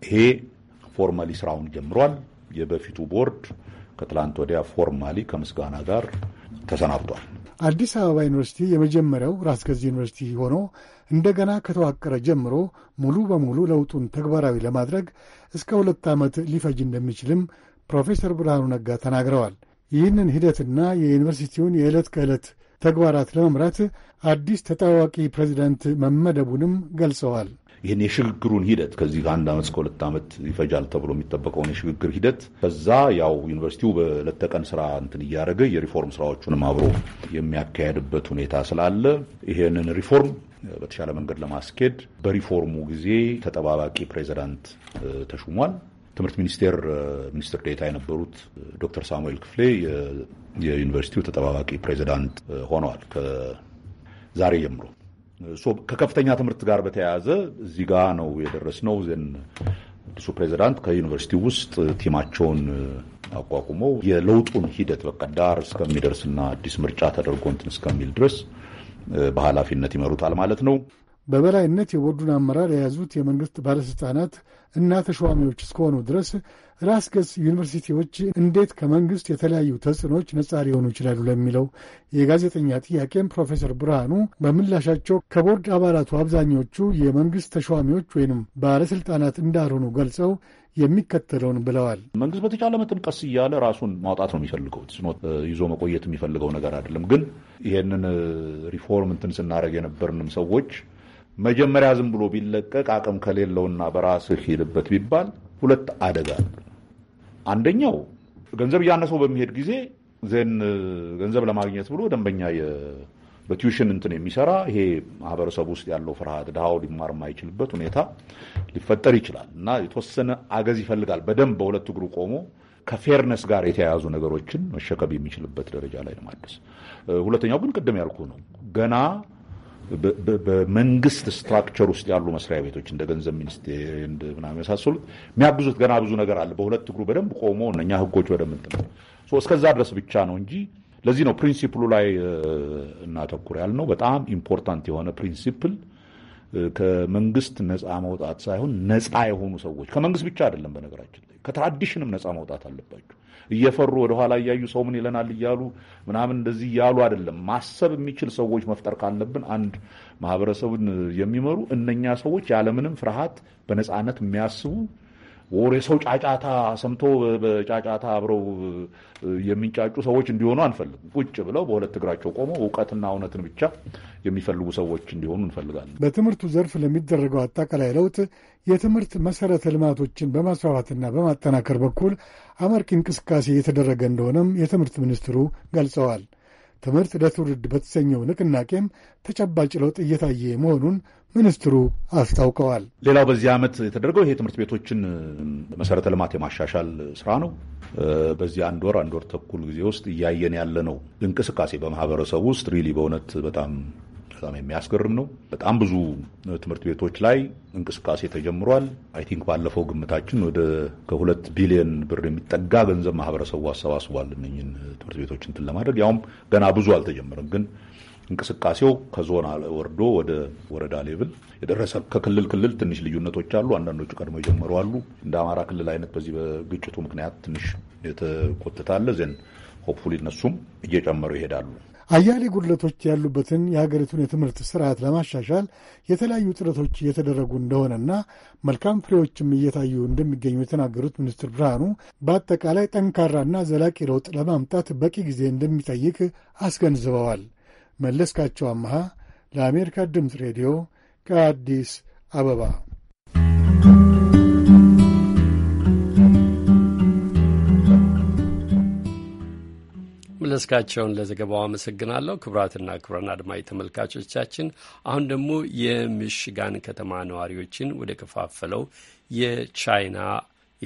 ይሄ ፎርማሊ ስራውን ጀምሯል። የበፊቱ ቦርድ ከትላንት ወዲያ ፎርማሊ ከምስጋና ጋር ተሰናብቷል። አዲስ አበባ ዩኒቨርሲቲ የመጀመሪያው ራስ ገዝ ዩኒቨርሲቲ ሆኖ እንደገና ከተዋቀረ ጀምሮ ሙሉ በሙሉ ለውጡን ተግባራዊ ለማድረግ እስከ ሁለት ዓመት ሊፈጅ እንደሚችልም ፕሮፌሰር ብርሃኑ ነጋ ተናግረዋል። ይህንን ሂደትና የዩኒቨርሲቲውን የዕለት ከዕለት ተግባራት ለመምራት አዲስ ተጠዋቂ ፕሬዚዳንት መመደቡንም ገልጸዋል። ይህን የሽግግሩን ሂደት ከዚህ ከአንድ ዓመት እስከ ሁለት ዓመት ይፈጃል ተብሎ የሚጠበቀውን የሽግግር ሂደት ከዛ ያው ዩኒቨርሲቲው በዕለት ተቀን ስራ እንትን እያደረገ የሪፎርም ስራዎቹንም አብሮ የሚያካሄድበት ሁኔታ ስላለ ይህንን ሪፎርም በተሻለ መንገድ ለማስኬድ በሪፎርሙ ጊዜ ተጠባባቂ ፕሬዚዳንት ተሹሟል። ትምህርት ሚኒስቴር ሚኒስትር ዴታ የነበሩት ዶክተር ሳሙኤል ክፍሌ የዩኒቨርሲቲው ተጠባባቂ ፕሬዚዳንት ሆነዋል ከዛሬ ጀምሮ ከከፍተኛ ትምህርት ጋር በተያያዘ እዚህ ጋ ነው የደረስነው። ዘን አዲሱ ፕሬዚዳንት ከዩኒቨርሲቲ ውስጥ ቲማቸውን አቋቁመው የለውጡን ሂደት በቃ ዳር እስከሚደርስና አዲስ ምርጫ ተደርጎ እንትን እስከሚል ድረስ በኃላፊነት ይመሩታል ማለት ነው። በበላይነት የቦርዱን አመራር የያዙት የመንግስት ባለስልጣናት እና ተሿሚዎች እስከሆኑ ድረስ ራስ ገዝ ዩኒቨርሲቲዎች እንዴት ከመንግሥት የተለያዩ ተጽዕኖዎች ነጻ ሊሆኑ ይችላሉ ለሚለው የጋዜጠኛ ጥያቄም ፕሮፌሰር ብርሃኑ በምላሻቸው ከቦርድ አባላቱ አብዛኞቹ የመንግሥት ተሿሚዎች ወይንም ባለሥልጣናት እንዳልሆኑ ገልጸው የሚከተለውን ብለዋል። መንግስት በተቻለ መጠን ቀስ እያለ ራሱን ማውጣት ነው የሚፈልገው። ይዞ መቆየት የሚፈልገው ነገር አይደለም። ግን ይህንን ሪፎርም እንትን ስናደርግ የነበርንም ሰዎች መጀመሪያ ዝም ብሎ ቢለቀቅ አቅም ከሌለውና በራስህ ሄድበት ቢባል ሁለት አደጋ አለ። አንደኛው ገንዘብ እያነሰው በሚሄድ ጊዜ ዜን ገንዘብ ለማግኘት ብሎ ደንበኛ በቲዩሽን እንትን የሚሰራ ይሄ ማህበረሰብ ውስጥ ያለው ፍርሃት ድሃው ሊማር የማይችልበት ሁኔታ ሊፈጠር ይችላል እና የተወሰነ አገዝ ይፈልጋል። በደንብ በሁለት እግሩ ቆሞ ከፌርነስ ጋር የተያያዙ ነገሮችን መሸከብ የሚችልበት ደረጃ ላይ ለማደስ። ሁለተኛው ግን ቅድም ያልኩ ነው ገና በመንግስት ስትራክቸር ውስጥ ያሉ መስሪያ ቤቶች እንደ ገንዘብ ሚኒስቴር ምናምን የመሳሰሉት የሚያግዙት ገና ብዙ ነገር አለ። በሁለት እግሩ በደንብ ቆሞ እነኛ ህጎች በደንብ እንትን ነው። እስከዛ ድረስ ብቻ ነው እንጂ ለዚህ ነው ፕሪንሲፕሉ ላይ እናተኩር ያልነው። በጣም ኢምፖርታንት የሆነ ፕሪንሲፕል ከመንግስት ነፃ መውጣት ሳይሆን ነፃ የሆኑ ሰዎች ከመንግስት ብቻ አይደለም፣ በነገራችን ላይ ከትራዲሽንም ነፃ መውጣት አለባቸው። እየፈሩ ወደኋላ እያዩ ሰው ምን ይለናል እያሉ ምናምን እንደዚህ እያሉ አይደለም። ማሰብ የሚችል ሰዎች መፍጠር ካለብን አንድ ማህበረሰቡን የሚመሩ እነኛ ሰዎች ያለምንም ፍርሃት በነፃነት የሚያስቡ ወሬ ሰው ጫጫታ ሰምቶ በጫጫታ አብረው የሚንጫጩ ሰዎች እንዲሆኑ አንፈልግም። ቁጭ ብለው በሁለት እግራቸው ቆመው እውቀትና እውነትን ብቻ የሚፈልጉ ሰዎች እንዲሆኑ እንፈልጋለን። በትምህርቱ ዘርፍ ለሚደረገው አጠቃላይ ለውጥ የትምህርት መሰረተ ልማቶችን በማስፋፋትና በማጠናከር በኩል አመርቂ እንቅስቃሴ የተደረገ እንደሆነም የትምህርት ሚኒስትሩ ገልጸዋል። ትምህርት ለትውልድ በተሰኘው ንቅናቄም ተጨባጭ ለውጥ እየታየ መሆኑን ሚኒስትሩ አስታውቀዋል። ሌላው በዚህ ዓመት የተደረገው ይሄ ትምህርት ቤቶችን መሰረተ ልማት የማሻሻል ስራ ነው። በዚህ አንድ ወር አንድ ወር ተኩል ጊዜ ውስጥ እያየን ያለነው እንቅስቃሴ በማህበረሰቡ ውስጥ ሪሊ በእውነት በጣም በጣም የሚያስገርም ነው። በጣም ብዙ ትምህርት ቤቶች ላይ እንቅስቃሴ ተጀምሯል። አይ ቲንክ ባለፈው ግምታችን ወደ ከሁለት ቢሊዮን ብር የሚጠጋ ገንዘብ ማህበረሰቡ አሰባስቧል። እነኝን ትምህርት ቤቶች እንትን ለማድረግ ያውም ገና ብዙ አልተጀመረም፣ ግን እንቅስቃሴው ከዞን ወርዶ ወደ ወረዳ ሌብል የደረሰ ከክልል ክልል ትንሽ ልዩነቶች አሉ። አንዳንዶቹ ቀድሞ የጀመሩ አሉ። እንደ አማራ ክልል አይነት በዚህ በግጭቱ ምክንያት ትንሽ የተቆጥታለ ዜን ሆፕፉሊ እነሱም እየጨመሩ ይሄዳሉ። አያሌ ጉድለቶች ያሉበትን የሀገሪቱን የትምህርት ስርዓት ለማሻሻል የተለያዩ ጥረቶች እየተደረጉ እንደሆነና መልካም ፍሬዎችም እየታዩ እንደሚገኙ የተናገሩት ሚኒስትር ብርሃኑ በአጠቃላይ ጠንካራና ዘላቂ ለውጥ ለማምጣት በቂ ጊዜ እንደሚጠይቅ አስገንዝበዋል። መለስካቸው አመሃ ለአሜሪካ ድምፅ ሬዲዮ ከአዲስ አበባ መለስካቸውን ለዘገባው አመሰግናለሁ። ክቡራትና ክቡራን አድማጭ ተመልካቾቻችን አሁን ደግሞ የሚሽጋን ከተማ ነዋሪዎችን ወደ ከፋፈለው የቻይና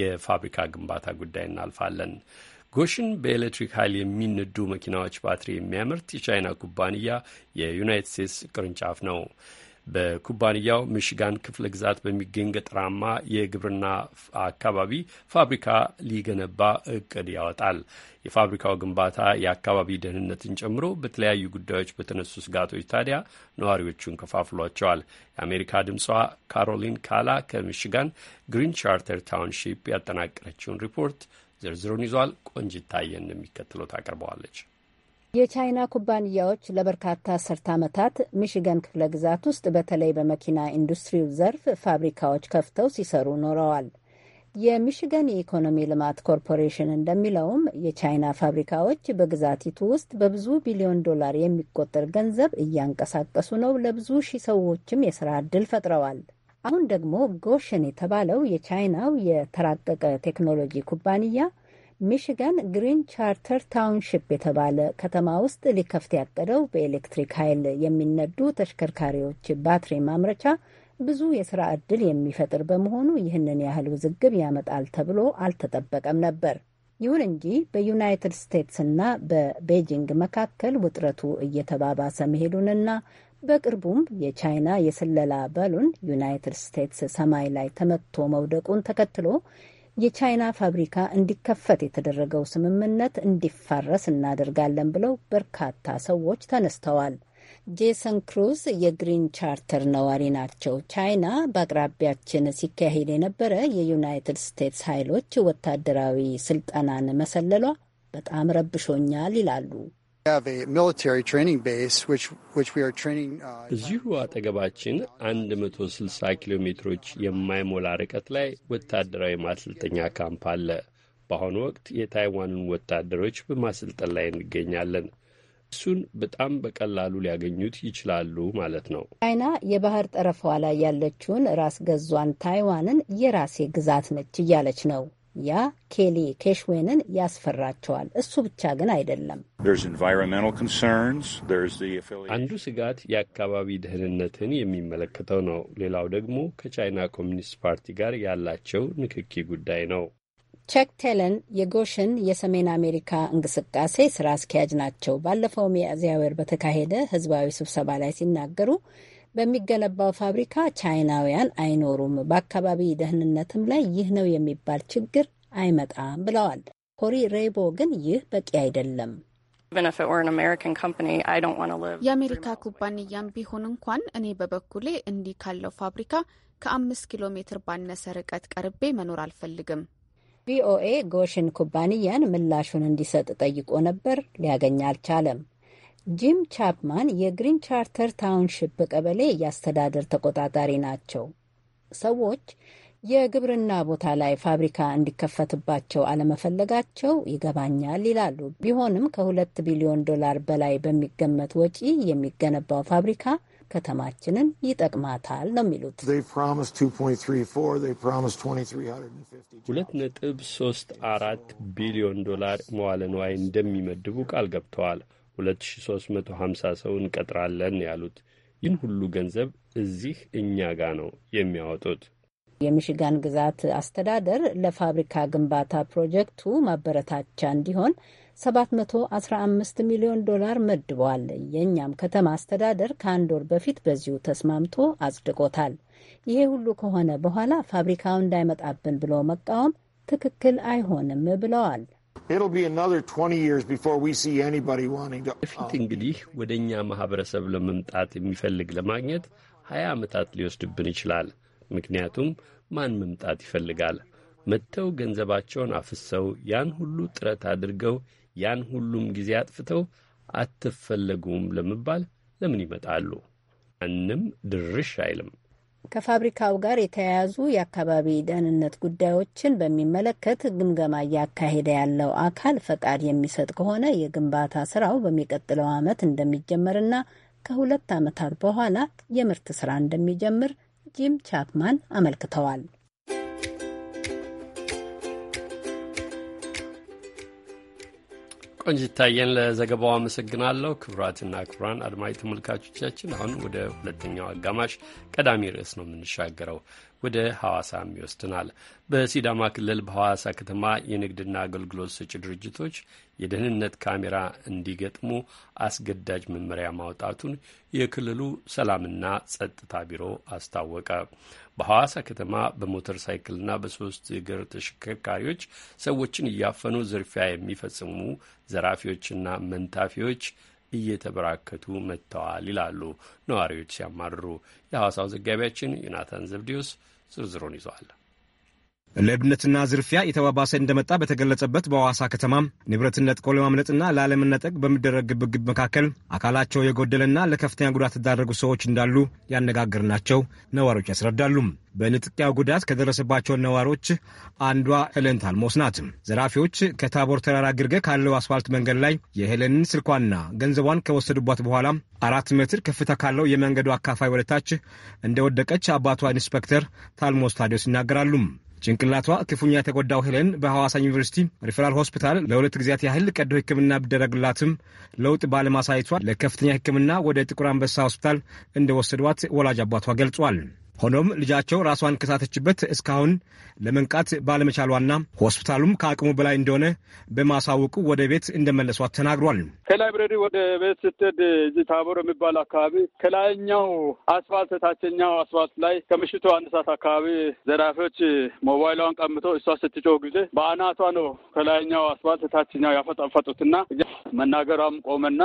የፋብሪካ ግንባታ ጉዳይ እናልፋለን። ጎሽን በኤሌክትሪክ ኃይል የሚነዱ መኪናዎች ባትሪ የሚያመርት የቻይና ኩባንያ የዩናይትድ ስቴትስ ቅርንጫፍ ነው። በኩባንያው ሚሽጋን ክፍለ ግዛት በሚገኝ ገጠራማ የግብርና አካባቢ ፋብሪካ ሊገነባ እቅድ ያወጣል። የፋብሪካው ግንባታ የአካባቢ ደህንነትን ጨምሮ በተለያዩ ጉዳዮች በተነሱ ስጋቶች ታዲያ ነዋሪዎቹን ከፋፍሏቸዋል። የአሜሪካ ድምጿ ካሮሊን ካላ ከሚሽጋን ግሪን ቻርተር ታውንሺፕ ያጠናቀረችውን ሪፖርት ዝርዝሩን ይዟል። ቆንጅታየ እንደሚከተለው ታቀርበዋለች። የቻይና ኩባንያዎች ለበርካታ አስርት ዓመታት ሚሽገን ክፍለ ግዛት ውስጥ በተለይ በመኪና ኢንዱስትሪው ዘርፍ ፋብሪካዎች ከፍተው ሲሰሩ ኖረዋል። የሚሽገን የኢኮኖሚ ልማት ኮርፖሬሽን እንደሚለውም የቻይና ፋብሪካዎች በግዛቲቱ ውስጥ በብዙ ቢሊዮን ዶላር የሚቆጠር ገንዘብ እያንቀሳቀሱ ነው፣ ለብዙ ሺህ ሰዎችም የስራ ዕድል ፈጥረዋል። አሁን ደግሞ ጎሽን የተባለው የቻይናው የተራቀቀ ቴክኖሎጂ ኩባንያ ሚሽጋን ግሪን ቻርተር ታውንሽፕ የተባለ ከተማ ውስጥ ሊከፍት ያቀደው በኤሌክትሪክ ኃይል የሚነዱ ተሽከርካሪዎች ባትሪ ማምረቻ ብዙ የስራ ዕድል የሚፈጥር በመሆኑ ይህንን ያህል ውዝግብ ያመጣል ተብሎ አልተጠበቀም ነበር። ይሁን እንጂ በዩናይትድ ስቴትስ እና በቤጂንግ መካከል ውጥረቱ እየተባባሰ መሄዱንና በቅርቡም የቻይና የስለላ በሉን ዩናይትድ ስቴትስ ሰማይ ላይ ተመቶ መውደቁን ተከትሎ የቻይና ፋብሪካ እንዲከፈት የተደረገው ስምምነት እንዲፋረስ እናደርጋለን ብለው በርካታ ሰዎች ተነስተዋል። ጄሰን ክሩዝ የግሪን ቻርተር ነዋሪ ናቸው። ቻይና በአቅራቢያችን ሲካሄድ የነበረ የዩናይትድ ስቴትስ ኃይሎች ወታደራዊ ስልጠናን መሰለሏ በጣም ረብሾኛል ይላሉ። Uh, እዚሁ አጠገባችን 160 ኪሎ ሜትሮች የማይሞላ ርቀት ላይ ወታደራዊ ማሰልጠኛ ካምፕ አለ። በአሁኑ ወቅት የታይዋኑን ወታደሮች በማሰልጠን ላይ እንገኛለን። እሱን በጣም በቀላሉ ሊያገኙት ይችላሉ ማለት ነው። ቻይና የባህር ጠረፏ ላይ ያለችውን ራስ ገዟን ታይዋንን የራሴ ግዛት ነች እያለች ነው። ያ ኬሊ ኬሽዌንን ያስፈራቸዋል። እሱ ብቻ ግን አይደለም። አንዱ ስጋት የአካባቢ ደህንነትን የሚመለከተው ነው። ሌላው ደግሞ ከቻይና ኮሚኒስት ፓርቲ ጋር ያላቸው ንክኪ ጉዳይ ነው። ቸክ ቴለን የጎሽን የሰሜን አሜሪካ እንቅስቃሴ ስራ አስኪያጅ ናቸው። ባለፈው ሚያዝያ ወር በተካሄደ ህዝባዊ ስብሰባ ላይ ሲናገሩ በሚገነባው ፋብሪካ ቻይናውያን አይኖሩም፣ በአካባቢ ደህንነትም ላይ ይህ ነው የሚባል ችግር አይመጣም ብለዋል። ኮሪ ሬይቦ ግን ይህ በቂ አይደለም። የአሜሪካ ኩባንያም ቢሆን እንኳን እኔ በበኩሌ እንዲህ ካለው ፋብሪካ ከአምስት ኪሎ ሜትር ባነሰ ርቀት ቀርቤ መኖር አልፈልግም። ቪኦኤ ጎሽን ኩባንያን ምላሹን እንዲሰጥ ጠይቆ ነበር፣ ሊያገኝ አልቻለም። ጂም ቻፕማን የግሪን ቻርተር ታውንሽፕ ቀበሌ የአስተዳደር ተቆጣጣሪ ናቸው። ሰዎች የግብርና ቦታ ላይ ፋብሪካ እንዲከፈትባቸው አለመፈለጋቸው ይገባኛል ይላሉ። ቢሆንም ከሁለት ቢሊዮን ዶላር በላይ በሚገመት ወጪ የሚገነባው ፋብሪካ ከተማችንን ይጠቅማታል ነው የሚሉት። ሁለት ነጥብ ሶስት አራት ቢሊዮን ዶላር መዋለ ንዋይ እንደሚመድቡ ቃል ገብተዋል። 2350 ሰው እንቀጥራለን ያሉት ይህን ሁሉ ገንዘብ እዚህ እኛ ጋ ነው የሚያወጡት። የሚሽጋን ግዛት አስተዳደር ለፋብሪካ ግንባታ ፕሮጀክቱ ማበረታቻ እንዲሆን 715 ሚሊዮን ዶላር መድቧል። የእኛም ከተማ አስተዳደር ከአንድ ወር በፊት በዚሁ ተስማምቶ አጽድቆታል። ይሄ ሁሉ ከሆነ በኋላ ፋብሪካው እንዳይመጣብን ብሎ መቃወም ትክክል አይሆንም ብለዋል በፊት oh. እንግዲህ ወደ እኛ ማህበረሰብ ለመምጣት የሚፈልግ ለማግኘት ሀያ ዓመታት ሊወስድብን ይችላል። ምክንያቱም ማን መምጣት ይፈልጋል? መጥተው ገንዘባቸውን አፍሰው ያን ሁሉ ጥረት አድርገው ያን ሁሉም ጊዜ አጥፍተው አትፈለጉም ለመባል ለምን ይመጣሉ? ማንም ድርሽ አይልም። ከፋብሪካው ጋር የተያያዙ የአካባቢ ደህንነት ጉዳዮችን በሚመለከት ግምገማ እያካሄደ ያለው አካል ፈቃድ የሚሰጥ ከሆነ የግንባታ ስራው በሚቀጥለው ዓመት እንደሚጀመርና ከሁለት ዓመታት በኋላ የምርት ስራ እንደሚጀምር ጂም ቻፕማን አመልክተዋል። ይታየን ለዘገባው አመሰግናለሁ። ክቡራትና ክቡራን አድማጭ ተመልካቾቻችን አሁን ወደ ሁለተኛው አጋማሽ ቀዳሚ ርዕስ ነው የምንሻገረው። ወደ ሐዋሳም ይወስድናል። በሲዳማ ክልል በሐዋሳ ከተማ የንግድና አገልግሎት ሰጪ ድርጅቶች የደህንነት ካሜራ እንዲገጥሙ አስገዳጅ መመሪያ ማውጣቱን የክልሉ ሰላምና ጸጥታ ቢሮ አስታወቀ። በሐዋሳ ከተማ በሞተር ሳይክልና በሶስት እግር ተሽከርካሪዎች ሰዎችን እያፈኑ ዝርፊያ የሚፈጽሙ ዘራፊዎችና መንታፊዎች እየተበራከቱ መጥተዋል ይላሉ ነዋሪዎች ሲያማርሩ። የሐዋሳው ዘጋቢያችን ዮናታን ዘብዲዮስ ዝርዝሩን ይዘዋል። ለብነትና ዝርፊያ የተባባሰ እንደመጣ በተገለጸበት በሐዋሳ ከተማ ንብረትን ነጥቆ ለማምለጥና ላለመነጠቅ በሚደረግ ግብግብ መካከል አካላቸው የጎደለና ለከፍተኛ ጉዳት የተዳረጉ ሰዎች እንዳሉ ያነጋገርናቸው ነዋሪዎች ያስረዳሉ። በንጥቂያው ጉዳት ከደረሰባቸው ነዋሪዎች አንዷ ሄለን ታልሞስ ናት። ዘራፊዎች ከታቦር ተራራ ግርጌ ካለው አስፋልት መንገድ ላይ የሄለንን ስልኳና ገንዘቧን ከወሰዱባት በኋላ አራት ሜትር ከፍታ ካለው የመንገዱ አካፋይ ወደታች እንደወደቀች አባቷ ኢንስፔክተር ታልሞስ ታዲዮስ ይናገራሉ። ጭንቅላቷ ክፉኛ የተጎዳው ሄለን በሐዋሳ ዩኒቨርሲቲ ሪፈራል ሆስፒታል ለሁለት ጊዜያት ያህል ቀዶ ሕክምና ቢደረግላትም ለውጥ ባለማሳየቷ ለከፍተኛ ሕክምና ወደ ጥቁር አንበሳ ሆስፒታል እንደወሰዷት ወላጅ አባቷ ገልጿል። ሆኖም ልጃቸው ራሷን ከሳተችበት እስካሁን ለመንቃት ባለመቻሏና ሆስፒታሉም ከአቅሙ በላይ እንደሆነ በማሳወቁ ወደ ቤት እንደመለሷት ተናግሯል። ከላይብረሪ ወደ ቤት ስትሄድ እዚህ ታቦር የሚባል አካባቢ ከላይኛው አስፋልት ታችኛው አስፋልት ላይ ከምሽቱ አንድ ሰዓት አካባቢ ዘራፊዎች ሞባይሏን ቀምቶ እሷ ስትጮህ ጊዜ በአናቷ ነው ከላይኛው አስፋልት ታችኛው ያፈጠፈጡትና መናገሯም ቆመና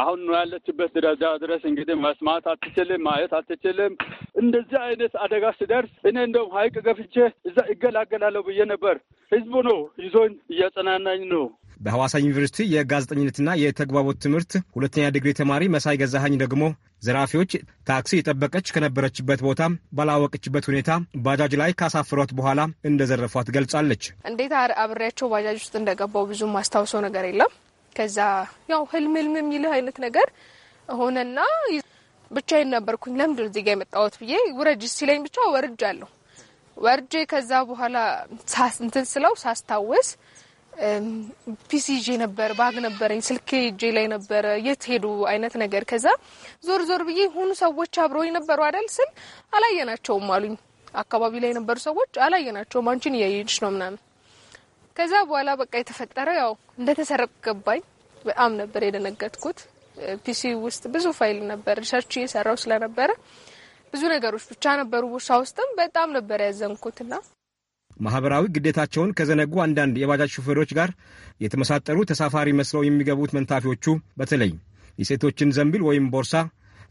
አሁን ነው ያለችበት ደረጃ ድረስ እንግዲህ መስማት አትችልም፣ ማየት አትችልም። እንደዚህ አይነት አደጋ ሲደርስ እኔ እንደውም ሀይቅ ገፍቼ እዛ ይገላገላለሁ ብዬ ነበር። ህዝቡ ነው ይዞኝ እያጸናናኝ ነው። በሐዋሳ ዩኒቨርሲቲ የጋዜጠኝነትና የተግባቦት ትምህርት ሁለተኛ ዲግሪ ተማሪ መሳይ ገዛኸኝ ደግሞ ዘራፊዎች ታክሲ የጠበቀች ከነበረችበት ቦታ ባላወቀችበት ሁኔታ ባጃጅ ላይ ካሳፍሯት በኋላ እንደዘረፏት ገልጻለች። እንዴት አብሬያቸው ባጃጅ ውስጥ እንደገባው ብዙም ማስታውሰው ነገር የለም ከዛ ያው ህልም ህልም የሚልህ አይነት ነገር ሆነና ብቻዬን ነበርኩኝ። ለምንድን እዚህ ጋ የመጣሁት ብዬ ውረጅ ሲለኝ ብቻ ወርጃለሁ። ወርጄ ከዛ በኋላ እንትን ስለው ሳስታወስ ፒሲ ይዤ ነበር፣ ባግ ነበረኝ፣ ስልኬ እጄ ላይ ነበረ፣ የት ሄዱ አይነት ነገር። ከዛ ዞር ዞር ብዬ ሁኑ ሰዎች አብረውኝ ነበሩ አይደል ስል አላየናቸውም አሉኝ። አካባቢ ላይ የነበሩ ሰዎች አላየናቸውም፣ አንቺን እያየች ነው ምናምን ከዛ በኋላ በቃ የተፈጠረው ያው እንደተሰረቅ ገባኝ። በጣም ነበር የደነገጥኩት። ፒሲ ውስጥ ብዙ ፋይል ነበር፣ ሪሰርች እየሰራው ስለነበረ ብዙ ነገሮች ብቻ ነበሩ ቦርሳ ውስጥም በጣም ነበር ያዘንኩትና ማህበራዊ ግዴታቸውን ከዘነጉ አንዳንድ የባጃጅ ሹፌሮች ጋር የተመሳጠሩ ተሳፋሪ መስለው የሚገቡት መንታፊዎቹ በተለይ የሴቶችን ዘንቢል ወይም ቦርሳ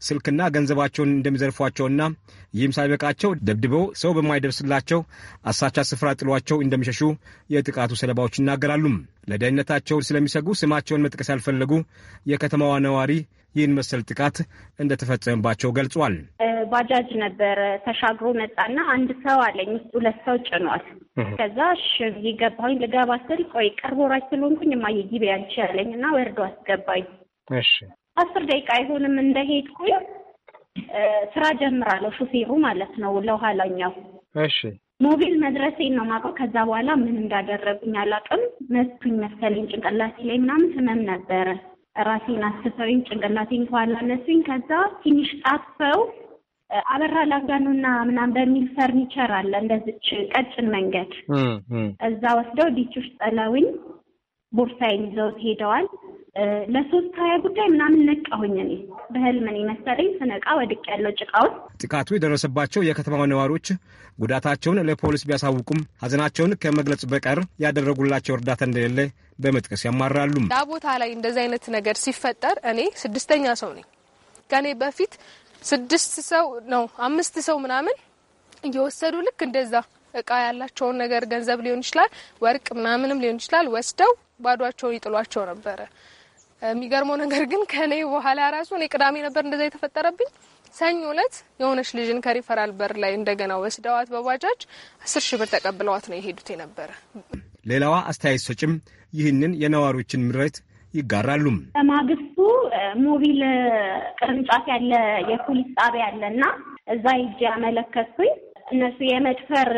ስልክና ገንዘባቸውን እንደሚዘርፏቸውና ይህም ሳይበቃቸው ደብድበው ሰው በማይደርስላቸው አሳቻ ስፍራ ጥሏቸው እንደሚሸሹ የጥቃቱ ሰለባዎች ይናገራሉ። ለደህንነታቸው ስለሚሰጉ ስማቸውን መጥቀስ ያልፈለጉ የከተማዋ ነዋሪ ይህን መሰል ጥቃት እንደተፈጸመባቸው ገልጿል። ባጃጅ ነበር ተሻግሮ መጣና አንድ ሰው አለኝ ውስጥ ሁለት ሰው ጭኗል። ከዛ ሽ ገባሁኝ። ልገባ ስል ቆይ ቀርቦ ስለሆንኩኝ እማዬ ግቢ ያለኝ እና ወርዶ አስገባኝ። አስር ደቂቃ አይሆንም እንደሄድኩኝ ስራ ጀምራለሁ። ሹፌሩ ማለት ነው ለኋላኛው። እሺ ሞቢል መድረሴን ነው የማውቀው። ከዛ በኋላ ምን እንዳደረጉኝ አላውቅም። መቱኝ መሰለኝ ጭንቅላቴ ላይ ምናምን ስመም ነበረ። ራሴን አስተሰውኝ ጭንቅላቴን ከኋላ ነሱኝ። ከዛ ትንሽ ጣፈው አበራ ላጋኑና ምናምን በሚል ፈርኒቸር አለ እንደዚች ቀጭን መንገድ፣ እዛ ወስደው ዲች ውስጥ ጥለውኝ ቦርሳዬን ይዘውት ሄደዋል። ለሶስት ሀያ ጉዳይ ምናምን ነቃሁኝ። እኔ በህልምን መሰለኝ ስነቃ ወድቅ ያለው ጭቃውን። ጥቃቱ የደረሰባቸው የከተማው ነዋሪዎች ጉዳታቸውን ለፖሊስ ቢያሳውቁም ሀዘናቸውን ከመግለጽ በቀር ያደረጉላቸው እርዳታ እንደሌለ በመጥቀስ ያማራሉ። ያ ቦታ ላይ እንደዚህ አይነት ነገር ሲፈጠር እኔ ስድስተኛ ሰው ነኝ። ከኔ በፊት ስድስት ሰው ነው አምስት ሰው ምናምን እየወሰዱ ልክ እንደዛ እቃ ያላቸውን ነገር ገንዘብ ሊሆን ይችላል፣ ወርቅ ምናምንም ሊሆን ይችላል ወስደው ባዷቸውን ይጥሏቸው ነበረ። የሚገርመው ነገር ግን ከኔ በኋላ ራሱ እኔ ቅዳሜ ነበር እንደዛ የተፈጠረብኝ። ሰኞ እለት የሆነች ልጅን ከሪፈራል በር ላይ እንደገና ወስደዋት በባጃጅ አስር ሺ ብር ተቀብለዋት ነው የሄዱት የነበረ። ሌላዋ አስተያየት ሰጭም ይህንን የነዋሪዎችን ምሬት ይጋራሉ። በማግስቱ ሞቢል ቅርንጫፍ ያለ የፖሊስ ጣቢያ ያለና እዛ ሂጄ ያመለከትኩኝ እነሱ የመድፈር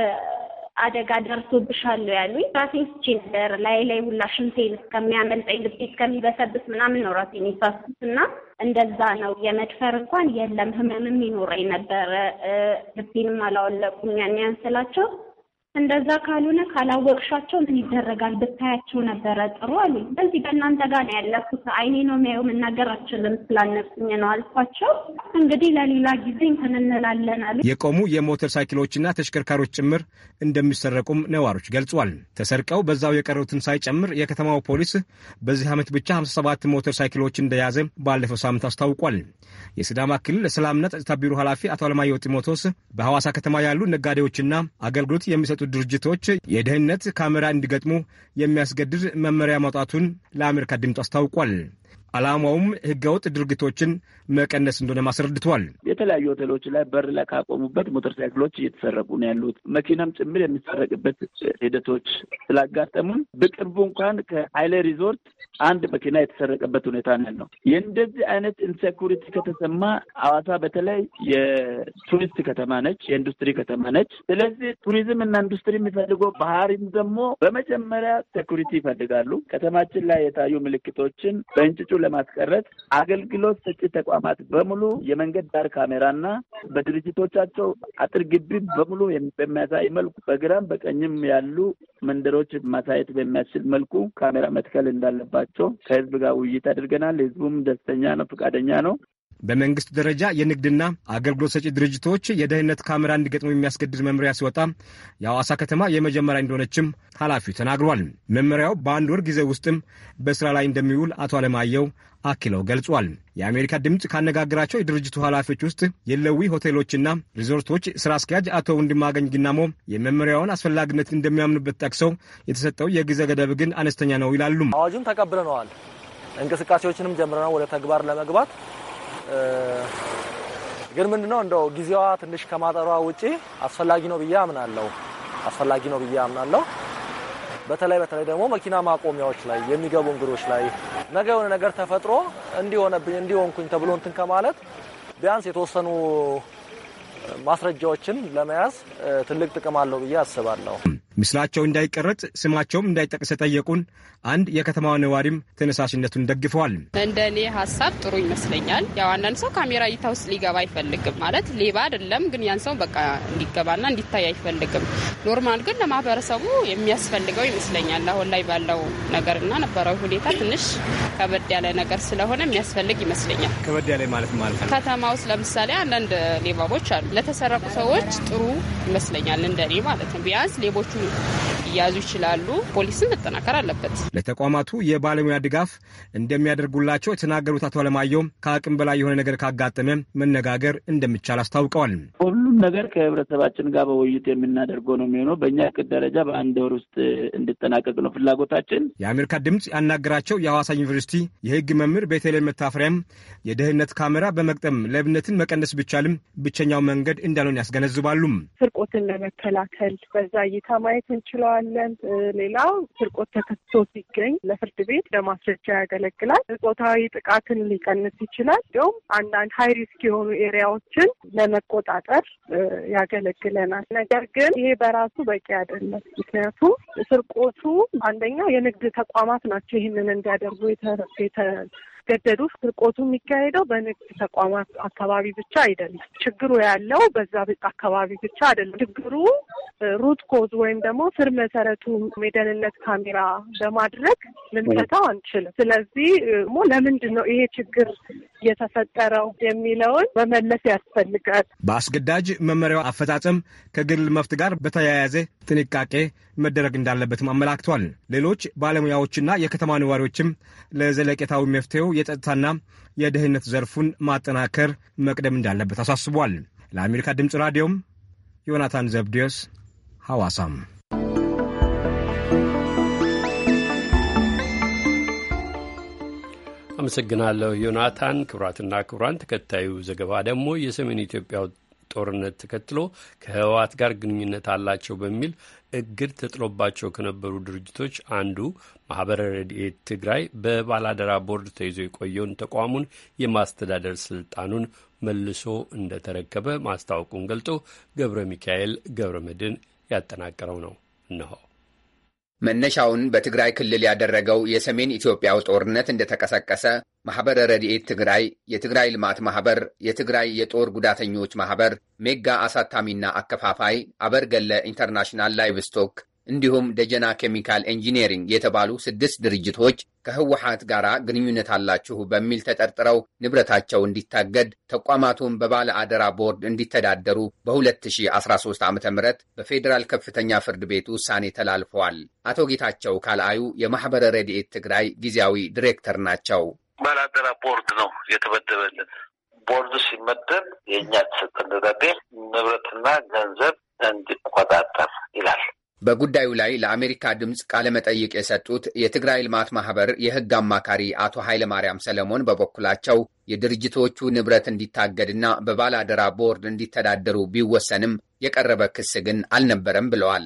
አደጋ ደርሶብሻል ነው ያሉኝ። ራሴን ስቼንደር ላይ ላይ ሁላ ሽንቴን እስከሚያመልጠኝ ልቤ እስከሚበሰብስ ምናምን ነው ራሴን የሳስኩት እና እንደዛ ነው። የመድፈር እንኳን የለም ህመምም ይኖረኝ ነበረ። ልቤንም አላወለቁም ያን ያንስላቸው እንደዛ ካልሆነ ካላወቅሻቸው ምን ይደረጋል? ብታያቸው ነበረ ጥሩ አሉ። በዚህ በእናንተ ጋር ነው ያለፉት። አይኔ ነው የሚያየው፣ መናገር አችልም ስላነሱኝ ነው አልኳቸው። እንግዲህ ለሌላ ጊዜ እንትን እንላለን አሉ። የቆሙ የሞተር ሳይክሎችና ተሽከርካሪዎች ጭምር እንደሚሰረቁም ነዋሪዎች ገልጿል። ተሰርቀው በዛው የቀረቡትን ሳይጨምር የከተማው ፖሊስ በዚህ ዓመት ብቻ 57 ሞተር ሳይክሎች እንደያዘ ባለፈው ሳምንት አስታውቋል። የሲዳማ ክልል ሰላምና ጸጥታ ቢሮ ኃላፊ አቶ አለማየሁ ጢሞቴዎስ በሐዋሳ ከተማ ያሉ ነጋዴዎችና አገልግሎት የሚሰጡ ድርጅቶች የደህንነት ካሜራ እንዲገጥሙ የሚያስገድድ መመሪያ ማውጣቱን ለአሜሪካ ድምፅ አስታውቋል። ዓላማውም ህገወጥ ድርጊቶችን መቀነስ እንደሆነ ማስረድተዋል። የተለያዩ ሆቴሎች ላይ በር ላይ ካቆሙበት ሞተር ሳይክሎች እየተሰረቁ ነው ያሉት። መኪናም ጭምር የሚሰረቅበት ሂደቶች ስላጋጠሙን በቅርቡ እንኳን ከሀይለ ሪዞርት አንድ መኪና የተሰረቀበት ሁኔታ ነው ያለው። የእንደዚህ አይነት ኢንሴኩሪቲ ከተሰማ አዋሳ በተለይ የቱሪስት ከተማ ነች፣ የኢንዱስትሪ ከተማ ነች። ስለዚህ ቱሪዝም እና ኢንዱስትሪ የሚፈልገው ባህሪም ደግሞ በመጀመሪያ ሴኩሪቲ ይፈልጋሉ። ከተማችን ላይ የታዩ ምልክቶችን በእንጭ ብስጭቱን ለማስቀረት አገልግሎት ሰጪ ተቋማት በሙሉ የመንገድ ዳር ካሜራና በድርጅቶቻቸው አጥር ግቢ በሙሉ በሚያሳይ መልኩ በግራም በቀኝም ያሉ መንደሮች ማሳየት በሚያስችል መልኩ ካሜራ መትከል እንዳለባቸው ከህዝብ ጋር ውይይት አድርገናል። ህዝቡም ደስተኛ ነው፣ ፈቃደኛ ነው። በመንግስት ደረጃ የንግድና አገልግሎት ሰጪ ድርጅቶች የደህንነት ካሜራ እንዲገጥሙ የሚያስገድድ መመሪያ ሲወጣ የሐዋሳ ከተማ የመጀመሪያ እንደሆነችም ኃላፊው ተናግሯል። መመሪያው በአንድ ወር ጊዜ ውስጥም በስራ ላይ እንደሚውል አቶ አለማየሁ አክለው ገልጿል። የአሜሪካ ድምፅ ካነጋገራቸው የድርጅቱ ኃላፊዎች ውስጥ የለዊ ሆቴሎችና ሪዞርቶች ስራ አስኪያጅ አቶ ወንድማገኝ ግናሞ የመመሪያውን አስፈላጊነት እንደሚያምኑበት ጠቅሰው የተሰጠው የጊዜ ገደብ ግን አነስተኛ ነው ይላሉ። አዋጁን ተቀብለነዋል። እንቅስቃሴዎችንም ጀምረናል። ወደ ተግባር ለመግባት ግን ምንድነው እንደው ጊዜዋ ትንሽ ከማጠሯ ውጪ አስፈላጊ ነው ብዬ አምናለሁ። አስፈላጊ ነው ብዬ አምናለሁ። በተለይ በተለይ ደግሞ መኪና ማቆሚያዎች ላይ የሚገቡ እንግዶች ላይ ነገ የሆነ ነገር ተፈጥሮ እንዲሆነብኝ እንዲሆንኩኝ ተብሎ እንትን ከማለት ቢያንስ የተወሰኑ ማስረጃዎችን ለመያዝ ትልቅ ጥቅም አለው ብዬ አስባለሁ። ምስላቸው እንዳይቀረጽ ስማቸውም እንዳይጠቅስ የጠየቁን አንድ የከተማዋ ነዋሪም ተነሳሽነቱን ደግፈዋል። እንደ እኔ ሀሳብ ጥሩ ይመስለኛል። ያው አንዳንድ ሰው ካሜራ እይታ ውስጥ ሊገባ አይፈልግም። ማለት ሌባ አይደለም፣ ግን ያን ሰው በቃ እንዲገባና እንዲታይ አይፈልግም። ኖርማል ግን ለማህበረሰቡ የሚያስፈልገው ይመስለኛል። አሁን ላይ ባለው ነገርና ነበረው ሁኔታ ትንሽ ከበድ ያለ ነገር ስለሆነ የሚያስፈልግ ይመስለኛል። ከበድ ያለ ማለት ማለት ነው። ከተማ ውስጥ ለምሳሌ አንዳንድ ሌባቦች አሉ። ለተሰረቁ ሰዎች ጥሩ ይመስለኛል፣ እንደኔ ማለት ነው። ቢያንስ ሌቦቹ you. ሊያዙ ይችላሉ። ፖሊስም መጠናከር አለበት። ለተቋማቱ የባለሙያ ድጋፍ እንደሚያደርጉላቸው የተናገሩት አቶ አለማየሁ ከአቅም በላይ የሆነ ነገር ካጋጠመ መነጋገር እንደሚቻል አስታውቀዋል። ሁሉም ነገር ከህብረተሰባችን ጋር በውይይት የምናደርገው ነው የሚሆነው። በእኛ እቅድ ደረጃ በአንድ ወር ውስጥ እንድጠናቀቅ ነው ፍላጎታችን። የአሜሪካ ድምፅ ያናገራቸው የሐዋሳ ዩኒቨርሲቲ የህግ መምህር ቤተልሔም መታፈሪያም የደህንነት ካሜራ በመቅጠም ሌብነትን መቀነስ ብቻልም ብቸኛው መንገድ እንዳልሆን ያስገነዝባሉ። ስርቆትን ለመከላከል በዛ እይታ ማየት እንችለዋል እናደርጋለን። ሌላው ስርቆት ተከስቶ ሲገኝ ለፍርድ ቤት ለማስረጃ ያገለግላል። ጾታዊ ጥቃትን ሊቀንስ ይችላል። እንዲሁም አንዳንድ ሀይ ሪስክ የሆኑ ኤሪያዎችን ለመቆጣጠር ያገለግለናል። ነገር ግን ይሄ በራሱ በቂ አይደለም። ምክንያቱም ስርቆቱ አንደኛ የንግድ ተቋማት ናቸው ይህንን እንዲያደርጉ የተ ሲያስገደዱ ስርቆቱ የሚካሄደው በንግድ ተቋማት አካባቢ ብቻ አይደለም። ችግሩ ያለው በዛ አካባቢ ብቻ አይደለም። ችግሩ ሩት ኮዝ ወይም ደግሞ ስር መሰረቱ የደህንነት ካሜራ በማድረግ ልንፈታው አንችልም። ስለዚህ ሞ ለምንድን ነው ይሄ ችግር የተፈጠረው የሚለውን መመለስ ያስፈልጋል። በአስገዳጅ መመሪያው አፈጻጸም ከግል መፍት ጋር በተያያዘ ጥንቃቄ መደረግ እንዳለበትም አመላክቷል። ሌሎች ባለሙያዎችና የከተማ ነዋሪዎችም ለዘለቄታዊ መፍትሄው የጸጥታና የደህንነት ዘርፉን ማጠናከር መቅደም እንዳለበት አሳስቧል። ለአሜሪካ ድምፅ ራዲዮም ዮናታን ዘብዲዮስ ሐዋሳም አመሰግናለሁ ዮናታን። ክቡራትና ክቡራን፣ ተከታዩ ዘገባ ደግሞ የሰሜን ኢትዮጵያው ጦርነት ተከትሎ ከህወሓት ጋር ግንኙነት አላቸው በሚል እግድ ተጥሎባቸው ከነበሩ ድርጅቶች አንዱ ማህበረ ረድኤት ትግራይ በባላደራ ቦርድ ተይዞ የቆየውን ተቋሙን የማስተዳደር ስልጣኑን መልሶ እንደተረከበ ማስታወቁን ገልጦ ገብረ ሚካኤል ገብረ መድን ያጠናቀረው ነው እነሆ። መነሻውን በትግራይ ክልል ያደረገው የሰሜን ኢትዮጵያው ጦርነት እንደተቀሰቀሰ ማኅበረ ረድኤት ትግራይ፣ የትግራይ ልማት ማኅበር፣ የትግራይ የጦር ጉዳተኞች ማኅበር፣ ሜጋ አሳታሚና አከፋፋይ፣ አበርገለ ኢንተርናሽናል ላይቭስቶክ እንዲሁም ደጀና ኬሚካል ኢንጂነሪንግ የተባሉ ስድስት ድርጅቶች ከህወሓት ጋር ግንኙነት አላችሁ በሚል ተጠርጥረው ንብረታቸው እንዲታገድ ተቋማቱን በባለ አደራ ቦርድ እንዲተዳደሩ በ2013 ዓ ም በፌዴራል ከፍተኛ ፍርድ ቤት ውሳኔ ተላልፈዋል። አቶ ጌታቸው ካልአዩ የማኅበረ ረድኤት ትግራይ ጊዜያዊ ዲሬክተር ናቸው። ባለ አደራ ቦርድ ነው የተመደበልን። ቦርዱ ሲመደብ የእኛ የተሰጠን ደብዳቤ ንብረትና ገንዘብ እንዲቆጣጠር ይላል። በጉዳዩ ላይ ለአሜሪካ ድምፅ ቃለመጠይቅ የሰጡት የትግራይ ልማት ማህበር የህግ አማካሪ አቶ ኃይለማርያም ሰለሞን በበኩላቸው የድርጅቶቹ ንብረት እንዲታገድና በባላደራ ቦርድ እንዲተዳደሩ ቢወሰንም የቀረበ ክስ ግን አልነበረም ብለዋል።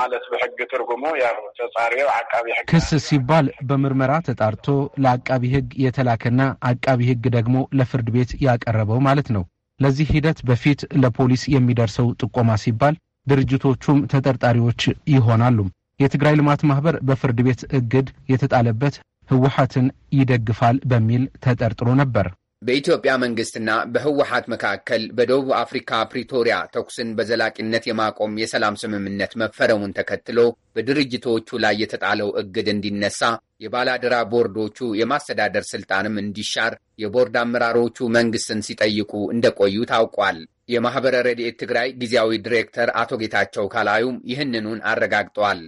ማለት ትርጉሙ ያው ተጻሪው አቃቢ ክስ ሲባል በምርመራ ተጣርቶ ለአቃቢ ህግ የተላከና አቃቢ ህግ ደግሞ ለፍርድ ቤት ያቀረበው ማለት ነው። ለዚህ ሂደት በፊት ለፖሊስ የሚደርሰው ጥቆማ ሲባል ድርጅቶቹም ተጠርጣሪዎች ይሆናሉ። የትግራይ ልማት ማህበር በፍርድ ቤት እግድ የተጣለበት ህወሓትን ይደግፋል በሚል ተጠርጥሮ ነበር። በኢትዮጵያ መንግስትና በህወሓት መካከል በደቡብ አፍሪካ ፕሪቶሪያ ተኩስን በዘላቂነት የማቆም የሰላም ስምምነት መፈረሙን ተከትሎ በድርጅቶቹ ላይ የተጣለው እግድ እንዲነሳ፣ የባለአደራ ቦርዶቹ የማስተዳደር ስልጣንም እንዲሻር የቦርድ አመራሮቹ መንግስትን ሲጠይቁ እንደቆዩ ታውቋል። የማህበረ ረድኤት ትግራይ ጊዜያዊ ዲሬክተር አቶ ጌታቸው ካላዩም ይህንኑን አረጋግጠዋል።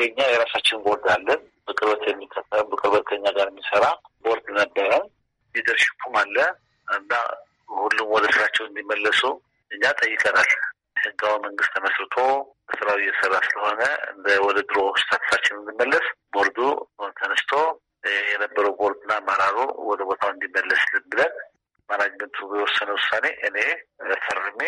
የእኛ የራሳችን ቦርድ አለን። በቅርበት የሚከተል በቅርበት ከኛ ጋር የሚሰራ ቦርድ ነበረ። ሊደርሽፑም አለ እና ሁሉም ወደ ስራቸው እንዲመለሱ እኛ ጠይቀናል። ህጋዊ መንግስት ተመስርቶ ስራው እየሰራ ስለሆነ እንደ ወደ ድሮ ስታትሳችን እንድመለስ ቦርዱ ተነስቶ የነበረው ቦርድና አመራሩ ወደ ቦታው እንዲመለስ ብለን ማናጅመንቱ የወሰነ ውሳኔ እኔ ፈርሜ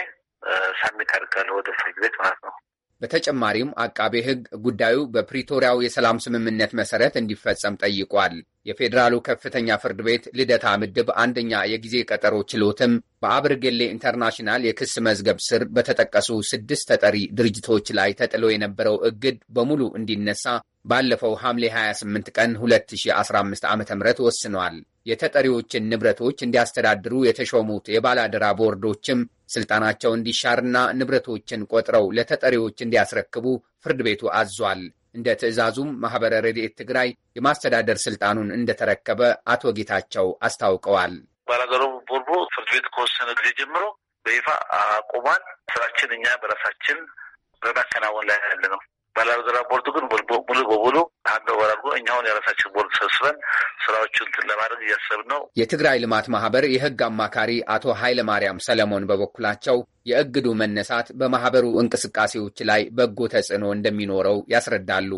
ሳንከርከል ወደ ፍርድ ቤት ማለት ነው። በተጨማሪም አቃቤ ሕግ ጉዳዩ በፕሪቶሪያው የሰላም ስምምነት መሰረት እንዲፈጸም ጠይቋል። የፌዴራሉ ከፍተኛ ፍርድ ቤት ልደታ ምድብ አንደኛ የጊዜ ቀጠሮ ችሎትም በአብርጌሌ ኢንተርናሽናል የክስ መዝገብ ስር በተጠቀሱ ስድስት ተጠሪ ድርጅቶች ላይ ተጥሎ የነበረው እግድ በሙሉ እንዲነሳ ባለፈው ሐምሌ 28 ቀን 2015 ዓ ም ወስኗል። የተጠሪዎችን ንብረቶች እንዲያስተዳድሩ የተሾሙት የባላደራ ቦርዶችም ስልጣናቸው እንዲሻርና ንብረቶችን ቆጥረው ለተጠሪዎች እንዲያስረክቡ ፍርድ ቤቱ አዟል። እንደ ትዕዛዙም ማኅበረ ረድኤት ትግራይ የማስተዳደር ስልጣኑን እንደተረከበ አቶ ጌታቸው አስታውቀዋል። ባላገሩ ቦርቦ ፍርድ ቤት ከወሰነ ጊዜ ጀምሮ በይፋ አቁሟል። ስራችን እኛ በራሳችን በማከናወን ላይ ያለ ነው። ባላደራ ቦርዱ ግን ሙሉ በሙሉ አንድ አድርጎ እኛውን የራሳችን ቦርድ ሰብስበን ስራዎችን ለማድረግ እያሰብን ነው። የትግራይ ልማት ማህበር የህግ አማካሪ አቶ ኃይለማርያም ሰለሞን በበኩላቸው የእግዱ መነሳት በማህበሩ እንቅስቃሴዎች ላይ በጎ ተጽዕኖ እንደሚኖረው ያስረዳሉ።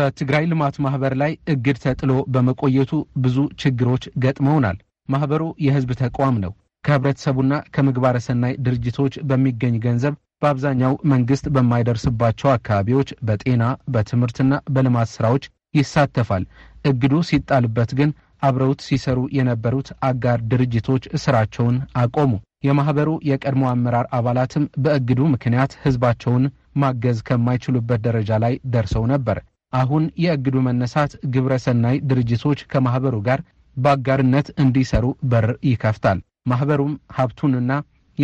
በትግራይ ልማት ማህበር ላይ እግድ ተጥሎ በመቆየቱ ብዙ ችግሮች ገጥመውናል። ማህበሩ የህዝብ ተቋም ነው። ከህብረተሰቡና ከምግባረ ሰናይ ድርጅቶች በሚገኝ ገንዘብ በአብዛኛው መንግስት በማይደርስባቸው አካባቢዎች በጤና በትምህርትና በልማት ስራዎች ይሳተፋል። እግዱ ሲጣልበት ግን አብረውት ሲሰሩ የነበሩት አጋር ድርጅቶች ስራቸውን አቆሙ። የማኅበሩ የቀድሞ አመራር አባላትም በእግዱ ምክንያት ህዝባቸውን ማገዝ ከማይችሉበት ደረጃ ላይ ደርሰው ነበር። አሁን የእግዱ መነሳት ግብረ ሰናይ ድርጅቶች ከማኅበሩ ጋር በአጋርነት እንዲሰሩ በር ይከፍታል። ማኅበሩም ሀብቱንና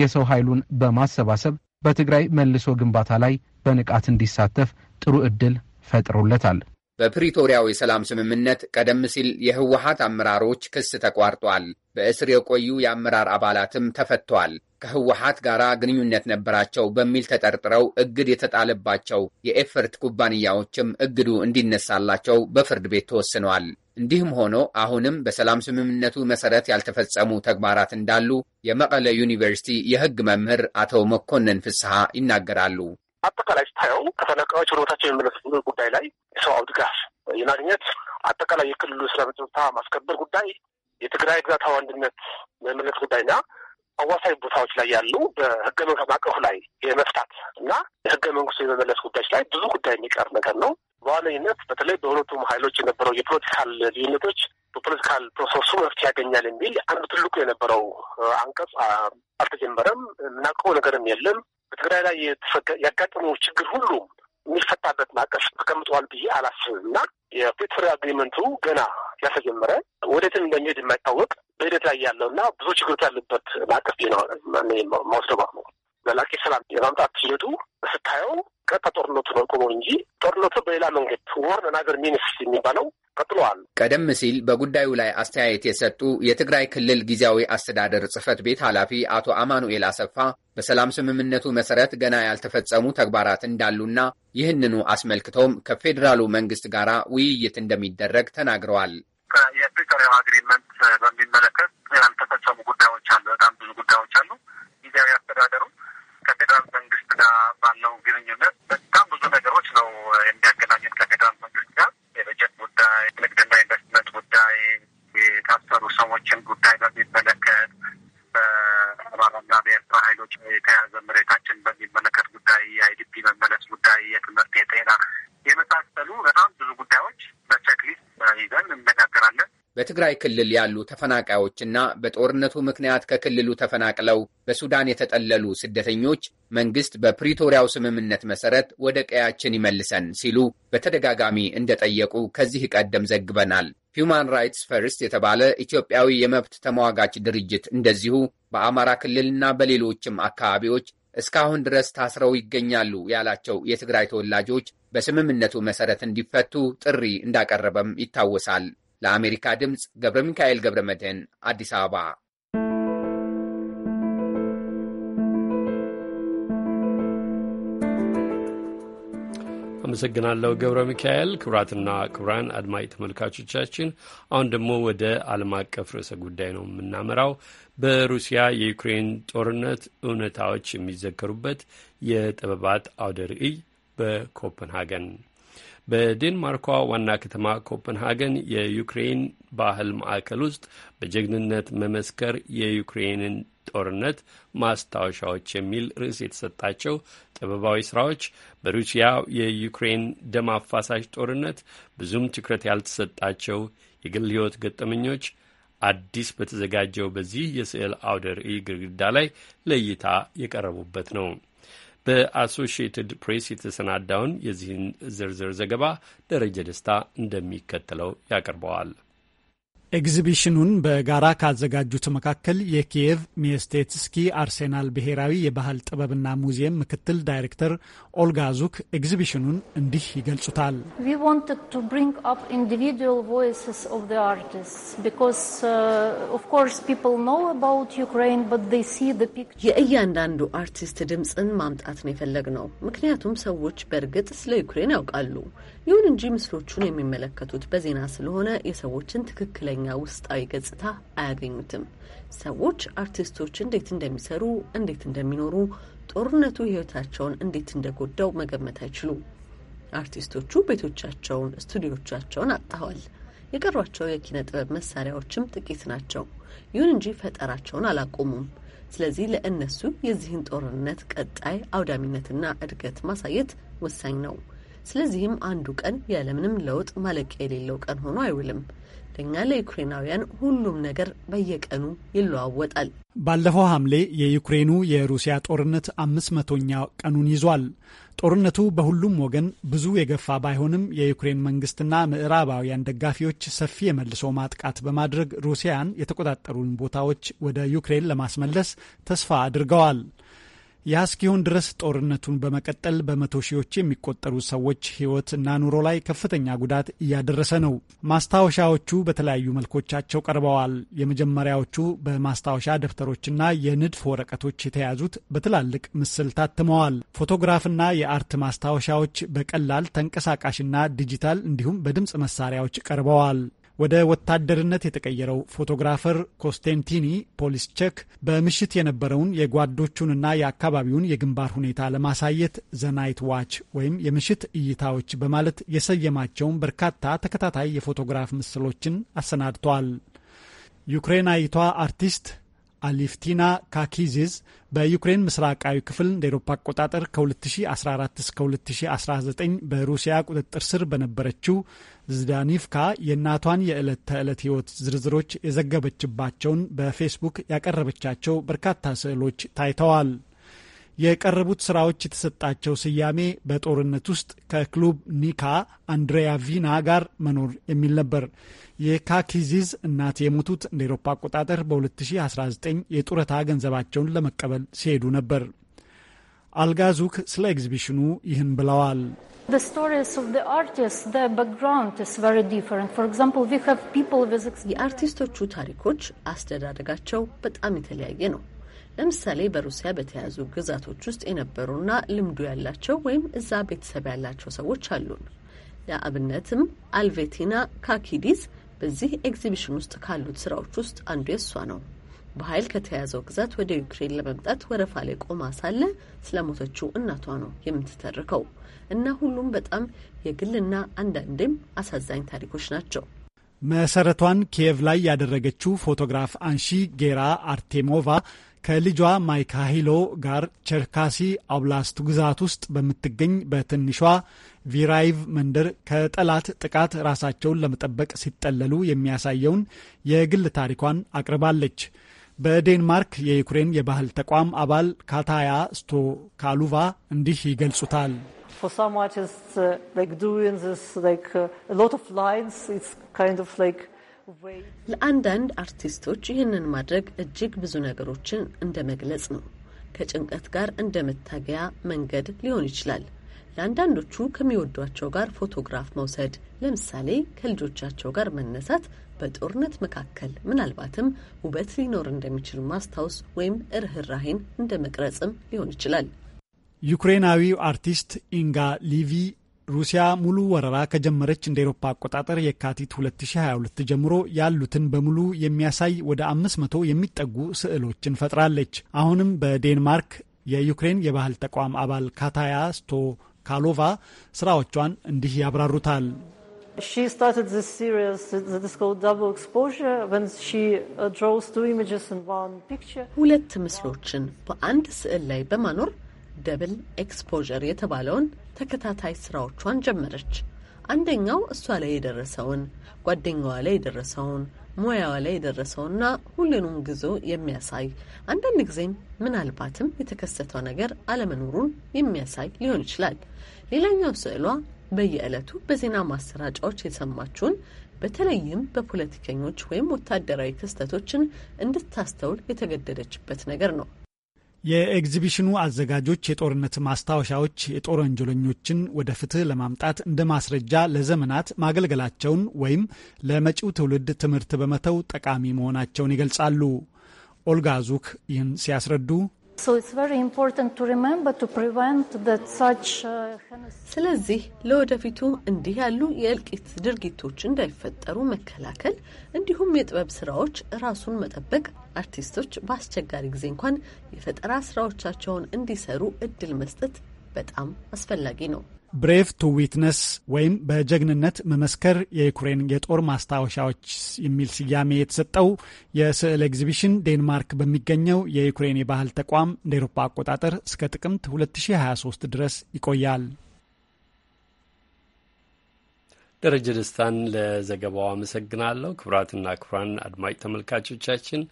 የሰው ኃይሉን በማሰባሰብ በትግራይ መልሶ ግንባታ ላይ በንቃት እንዲሳተፍ ጥሩ ዕድል ፈጥሮለታል። በፕሪቶሪያው የሰላም ስምምነት ቀደም ሲል የህወሀት አመራሮች ክስ ተቋርጧል። በእስር የቆዩ የአመራር አባላትም ተፈቷል። ከህወሀት ጋር ግንኙነት ነበራቸው በሚል ተጠርጥረው እግድ የተጣለባቸው የኤፈርት ኩባንያዎችም እግዱ እንዲነሳላቸው በፍርድ ቤት ተወስኗል። እንዲህም ሆኖ አሁንም በሰላም ስምምነቱ መሰረት ያልተፈጸሙ ተግባራት እንዳሉ የመቀለ ዩኒቨርሲቲ የሕግ መምህር አቶ መኮንን ፍስሐ ይናገራሉ። አጠቃላይ ስታየው ከተፈናቃዮች ሮታቸው የሚመለሱት ጉዳይ ላይ የሰብአዊ ድጋፍ የማግኘት አጠቃላይ የክልሉ ሰላም ጸጥታ ማስከበር ጉዳይ፣ የትግራይ ግዛታዊ አንድነት መመለስ ጉዳይና አዋሳኝ ቦታዎች ላይ ያሉ በህገ መንግስት ማቀፍ ላይ የመፍታት እና የህገ መንግስቱ የመመለስ ጉዳዮች ላይ ብዙ ጉዳይ የሚቀር ነገር ነው። በዋነኝነት በተለይ በሁለቱም ኃይሎች የነበረው የፖለቲካል ልዩነቶች በፖለቲካል ፕሮሰሱ መፍትሄ ያገኛል የሚል አንዱ ትልቁ የነበረው አንቀጽ አልተጀመረም። የምናውቀው ነገርም የለም። በትግራይ ላይ ያጋጠመው ችግር ሁሉም የሚፈታበት ማቀፍ ተቀምጠዋል ብዬ አላስብም እና የፕሪቶሪያ አግሪመንቱ ገና ያልተጀመረ ወደትን እንደሚሄድ የማይታወቅ በሂደት ላይ ያለው እና ብዙ ችግሮች ያለበት ማዕቀፍ ነው መወስደ ነው። ዘላቂ ሰላም የማምጣት ሂደቱ ስታየው ቀጥታ ጦርነቱ ነው ቆመው እንጂ ጦርነቱ በሌላ መንገድ ወር ናገር ሚኒስ የሚባለው ቀጥለዋል። ቀደም ሲል በጉዳዩ ላይ አስተያየት የሰጡ የትግራይ ክልል ጊዜያዊ አስተዳደር ጽሕፈት ቤት ኃላፊ አቶ አማኑኤል አሰፋ በሰላም ስምምነቱ መሰረት ገና ያልተፈጸሙ ተግባራት እንዳሉና ይህንኑ አስመልክቶም ከፌዴራሉ መንግስት ጋር ውይይት እንደሚደረግ ተናግረዋል። የፕሪቶሪያው አግሪመንት በሚመለከት ያልተፈጸሙ ጉዳዮች አሉ። በጣም ብዙ ጉዳዮች አሉ። ጊዜያዊ አስተዳደሩ ከፌዴራል መንግስት ጋር ባለው ግንኙነት በጣም ብዙ ነገሮች ነው የሚያገናኘት ከፌዴራል መንግስት ጋር የበጀት ጉዳይ፣ ንግድና ኢንቨስትመንት ጉዳይ፣ የታሰሩ ሰዎችን ጉዳይ በሚመለከት በአማራና በኤርትራ ኃይሎች የተያዘ መሬታችን በሚመለከት ጉዳይ፣ የአይዲፒ መመለስ ጉዳይ፣ የትምህርት የጤና የመሳሰሉ በጣም ብዙ ጉዳዮች በቸክሊስት ይዘን እንነጋገራለን። በትግራይ ክልል ያሉ ተፈናቃዮችና በጦርነቱ ምክንያት ከክልሉ ተፈናቅለው በሱዳን የተጠለሉ ስደተኞች መንግስት በፕሪቶሪያው ስምምነት መሰረት ወደ ቀያችን ይመልሰን ሲሉ በተደጋጋሚ እንደጠየቁ ከዚህ ቀደም ዘግበናል። ሁማን ራይትስ ፈርስት የተባለ ኢትዮጵያዊ የመብት ተሟጋች ድርጅት እንደዚሁ በአማራ ክልልና በሌሎችም አካባቢዎች እስካሁን ድረስ ታስረው ይገኛሉ ያላቸው የትግራይ ተወላጆች በስምምነቱ መሰረት እንዲፈቱ ጥሪ እንዳቀረበም ይታወሳል። ለአሜሪካ ድምፅ ገብረ ሚካኤል ገብረ መድህን አዲስ አበባ። አመሰግናለሁ ገብረ ሚካኤል። ክቡራትና ክቡራን አድማጭ ተመልካቾቻችን፣ አሁን ደግሞ ወደ ዓለም አቀፍ ርዕሰ ጉዳይ ነው የምናመራው። በሩሲያ የዩክሬን ጦርነት እውነታዎች የሚዘከሩበት የጥበባት አውደ ርዕይ በኮፐንሃገን በዴንማርኳ ዋና ከተማ ኮፐንሃገን የዩክሬን ባህል ማዕከል ውስጥ በጀግንነት መመስከር የዩክሬንን ጦርነት ማስታወሻዎች የሚል ርዕስ የተሰጣቸው ጥበባዊ ስራዎች በሩሲያ የዩክሬን ደም አፋሳሽ ጦርነት ብዙም ትኩረት ያልተሰጣቸው የግል ሕይወት ገጠመኞች አዲስ በተዘጋጀው በዚህ የስዕል አውደ ርዕይ ግድግዳ ላይ ለእይታ የቀረቡበት ነው። በአሶሺየትድ ፕሬስ የተሰናዳውን የዚህን ዝርዝር ዘገባ ደረጀ ደስታ እንደሚከተለው ያቀርበዋል። ኤግዚቢሽኑን በጋራ ካዘጋጁት መካከል የኪየቭ ሚስቴትስኪ አርሴናል ብሔራዊ የባህል ጥበብና ሙዚየም ምክትል ዳይሬክተር ኦልጋ ዙክ ኤግዚቢሽኑን እንዲህ ይገልጹታል። uh, የእያንዳንዱ አርቲስት ድምፅን ማምጣት ነው የፈለግነው። ምክንያቱም ሰዎች በእርግጥ ስለ ዩክሬን ያውቃሉ ይሁን እንጂ ምስሎቹን የሚመለከቱት በዜና ስለሆነ የሰዎችን ትክክለኛ ውስጣዊ ገጽታ አያገኙትም። ሰዎች አርቲስቶች እንዴት እንደሚሰሩ፣ እንዴት እንደሚኖሩ፣ ጦርነቱ ህይወታቸውን እንዴት እንደጎዳው መገመት አይችሉ አርቲስቶቹ ቤቶቻቸውን፣ ስቱዲዮቻቸውን አጥተዋል። የቀሯቸው የኪነ ጥበብ መሳሪያዎችም ጥቂት ናቸው። ይሁን እንጂ ፈጠራቸውን አላቆሙም። ስለዚህ ለእነሱ የዚህን ጦርነት ቀጣይ አውዳሚነትና እድገት ማሳየት ወሳኝ ነው። ስለዚህም አንዱ ቀን ያለምንም ለውጥ ማለቂያ የሌለው ቀን ሆኖ አይውልም። ለእኛ ለዩክሬናውያን ሁሉም ነገር በየቀኑ ይለዋወጣል። ባለፈው ሐምሌ የዩክሬኑ የሩሲያ ጦርነት አምስት መቶኛ ቀኑን ይዟል። ጦርነቱ በሁሉም ወገን ብዙ የገፋ ባይሆንም የዩክሬን መንግስትና ምዕራባውያን ደጋፊዎች ሰፊ የመልሶ ማጥቃት በማድረግ ሩሲያን የተቆጣጠሩን ቦታዎች ወደ ዩክሬን ለማስመለስ ተስፋ አድርገዋል። የአስኪሆን ድረስ ጦርነቱን በመቀጠል በመቶ ሺዎች የሚቆጠሩ ሰዎች ሕይወት እና ኑሮ ላይ ከፍተኛ ጉዳት እያደረሰ ነው። ማስታወሻዎቹ በተለያዩ መልኮቻቸው ቀርበዋል። የመጀመሪያዎቹ በማስታወሻ ደብተሮችና የንድፍ ወረቀቶች የተያዙት በትላልቅ ምስል ታትመዋል። ፎቶግራፍና የአርት ማስታወሻዎች በቀላል ተንቀሳቃሽና ዲጂታል እንዲሁም በድምፅ መሳሪያዎች ቀርበዋል። ወደ ወታደርነት የተቀየረው ፎቶግራፈር ፖሊስ ፖሊስቼክ በምሽት የነበረውን የጓዶቹንና የአካባቢውን የግንባር ሁኔታ ለማሳየት ዘናይት ዋች ወይም የምሽት እይታዎች በማለት የሰየማቸውን በርካታ ተከታታይ የፎቶግራፍ ምስሎችን አሰናድተዋል። ዩክሬናዊቷ አርቲስት አሊፍቲና ካኪዚዝ በዩክሬን ምስራቃዊ ክፍል እንደ ኤሮፓ አቆጣጠር ከ2014 እስከ 2019 በሩሲያ ቁጥጥር ስር በነበረችው ዝዳኒፍካ የእናቷን የዕለት ተዕለት ሕይወት ዝርዝሮች የዘገበችባቸውን በፌስቡክ ያቀረበቻቸው በርካታ ስዕሎች ታይተዋል። የቀረቡት ስራዎች የተሰጣቸው ስያሜ በጦርነት ውስጥ ከክሉብ ኒካ አንድሪያ ቪና ጋር መኖር የሚል ነበር። የካኪዚዝ እናት የሞቱት እንደ ኤሮፓ አቆጣጠር በ2019 የጡረታ ገንዘባቸውን ለመቀበል ሲሄዱ ነበር። አልጋዙክ ስለ ኤግዚቢሽኑ ይህን ብለዋል። የአርቲስቶቹ ታሪኮች አስተዳደጋቸው በጣም የተለያየ ነው። ለምሳሌ በሩሲያ በተያዙ ግዛቶች ውስጥ የነበሩና ልምዱ ያላቸው ወይም እዛ ቤተሰብ ያላቸው ሰዎች አሉን። ለአብነትም አልቬቲና ካኪዲዝ በዚህ ኤግዚቢሽን ውስጥ ካሉት ስራዎች ውስጥ አንዱ የሷ ነው። በኃይል ከተያዘው ግዛት ወደ ዩክሬን ለመምጣት ወረፋ ላይ ቆማ ሳለ ስለሞተችው እናቷ ነው የምትተርከው እና ሁሉም በጣም የግልና አንዳንዴም አሳዛኝ ታሪኮች ናቸው። መሰረቷን ኪየቭ ላይ ያደረገችው ፎቶግራፍ አንሺ ጌራ አርቴሞቫ ከልጇ ማይካሂሎ ጋር ቸርካሲ አብላስት ግዛት ውስጥ በምትገኝ በትንሿ ቪራይቭ መንደር ከጠላት ጥቃት ራሳቸውን ለመጠበቅ ሲጠለሉ የሚያሳየውን የግል ታሪኳን አቅርባለች። በዴንማርክ የዩክሬን የባህል ተቋም አባል ካታያ ስቶካሉቫ እንዲህ ይገልጹታል። for ለአንዳንድ አርቲስቶች ይህንን ማድረግ እጅግ ብዙ ነገሮችን እንደ መግለጽ ነው። ከጭንቀት ጋር እንደ መታገያ መንገድ ሊሆን ይችላል። ለአንዳንዶቹ ከሚወዷቸው ጋር ፎቶግራፍ መውሰድ፣ ለምሳሌ ከልጆቻቸው ጋር መነሳት፣ በጦርነት መካከል ምናልባትም ውበት ሊኖር እንደሚችል ማስታወስ ወይም ርኅራሄን እንደ መቅረጽም ሊሆን ይችላል። ዩክሬናዊው አርቲስት ኢንጋ ሊቪ ሩሲያ ሙሉ ወረራ ከጀመረች እንደ ኤሮፓ አቆጣጠር የካቲት 2022 ጀምሮ ያሉትን በሙሉ የሚያሳይ ወደ 500 የሚጠጉ ስዕሎችን ፈጥራለች። አሁንም በዴንማርክ የዩክሬን የባህል ተቋም አባል ካታያ ስቶካሎቫ ስራዎቿን እንዲህ ያብራሩታል። uh, ሁለት ምስሎችን በአንድ ስዕል ላይ በማኖር ደብል ኤክስፖዠር የተባለውን ተከታታይ ስራዎቿን ጀመረች። አንደኛው እሷ ላይ የደረሰውን፣ ጓደኛዋ ላይ የደረሰውን፣ ሙያዋ ላይ የደረሰውና ሁሉንም ጉዞ የሚያሳይ አንዳንድ ጊዜም ምናልባትም የተከሰተው ነገር አለመኖሩን የሚያሳይ ሊሆን ይችላል። ሌላኛው ስዕሏ በየዕለቱ በዜና ማሰራጫዎች የሰማችውን በተለይም በፖለቲከኞች ወይም ወታደራዊ ክስተቶችን እንድታስተውል የተገደደችበት ነገር ነው። የኤግዚቢሽኑ አዘጋጆች የጦርነት ማስታወሻዎች የጦር ወንጀለኞችን ወደ ፍትህ ለማምጣት እንደ ማስረጃ ለዘመናት ማገልገላቸውን ወይም ለመጪው ትውልድ ትምህርት በመተው ጠቃሚ መሆናቸውን ይገልጻሉ። ኦልጋ ዙክ ይህን ሲያስረዱ uh, ስለዚህ ለወደፊቱ እንዲህ ያሉ የእልቂት ድርጊቶች እንዳይፈጠሩ መከላከል፣ እንዲሁም የጥበብ ስራዎች ራሱን መጠበቅ አርቲስቶች በአስቸጋሪ ጊዜ እንኳን የፈጠራ ስራዎቻቸውን እንዲሰሩ እድል መስጠት በጣም አስፈላጊ ነው። ብሬቭ ቱ ዊትነስ ወይም በጀግንነት መመስከር የዩክሬን የጦር ማስታወሻዎች የሚል ስያሜ የተሰጠው የስዕል ኤግዚቢሽን ዴንማርክ በሚገኘው የዩክሬን የባህል ተቋም እንደ ኤሮፓ አቆጣጠር እስከ ጥቅምት 2023 ድረስ ይቆያል። ደረጀ ደስታን ለዘገባው አመሰግናለሁ። ክቡራትና ክቡራን አድማጭ ተመልካቾቻችን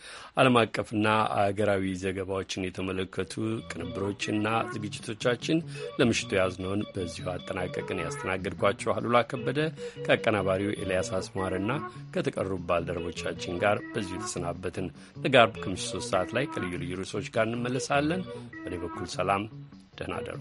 ዓለም አቀፍና አገራዊ ዘገባዎችን የተመለከቱ ቅንብሮችና ዝግጅቶቻችን ለምሽቱ ያዝነውን በዚሁ አጠናቀቅን። ያስተናገድኳቸው አሉላ ከበደ ከአቀናባሪው ኤልያስ አስማርና ከተቀሩ ባልደረቦቻችን ጋር በዚሁ የተሰናበትን። ለጋርብ ከምሽቱ ሶስት ሰዓት ላይ ከልዩ ልዩ ርዕሶች ጋር እንመለሳለን። በእኔ በኩል ሰላም፣ ደህና አደሩ።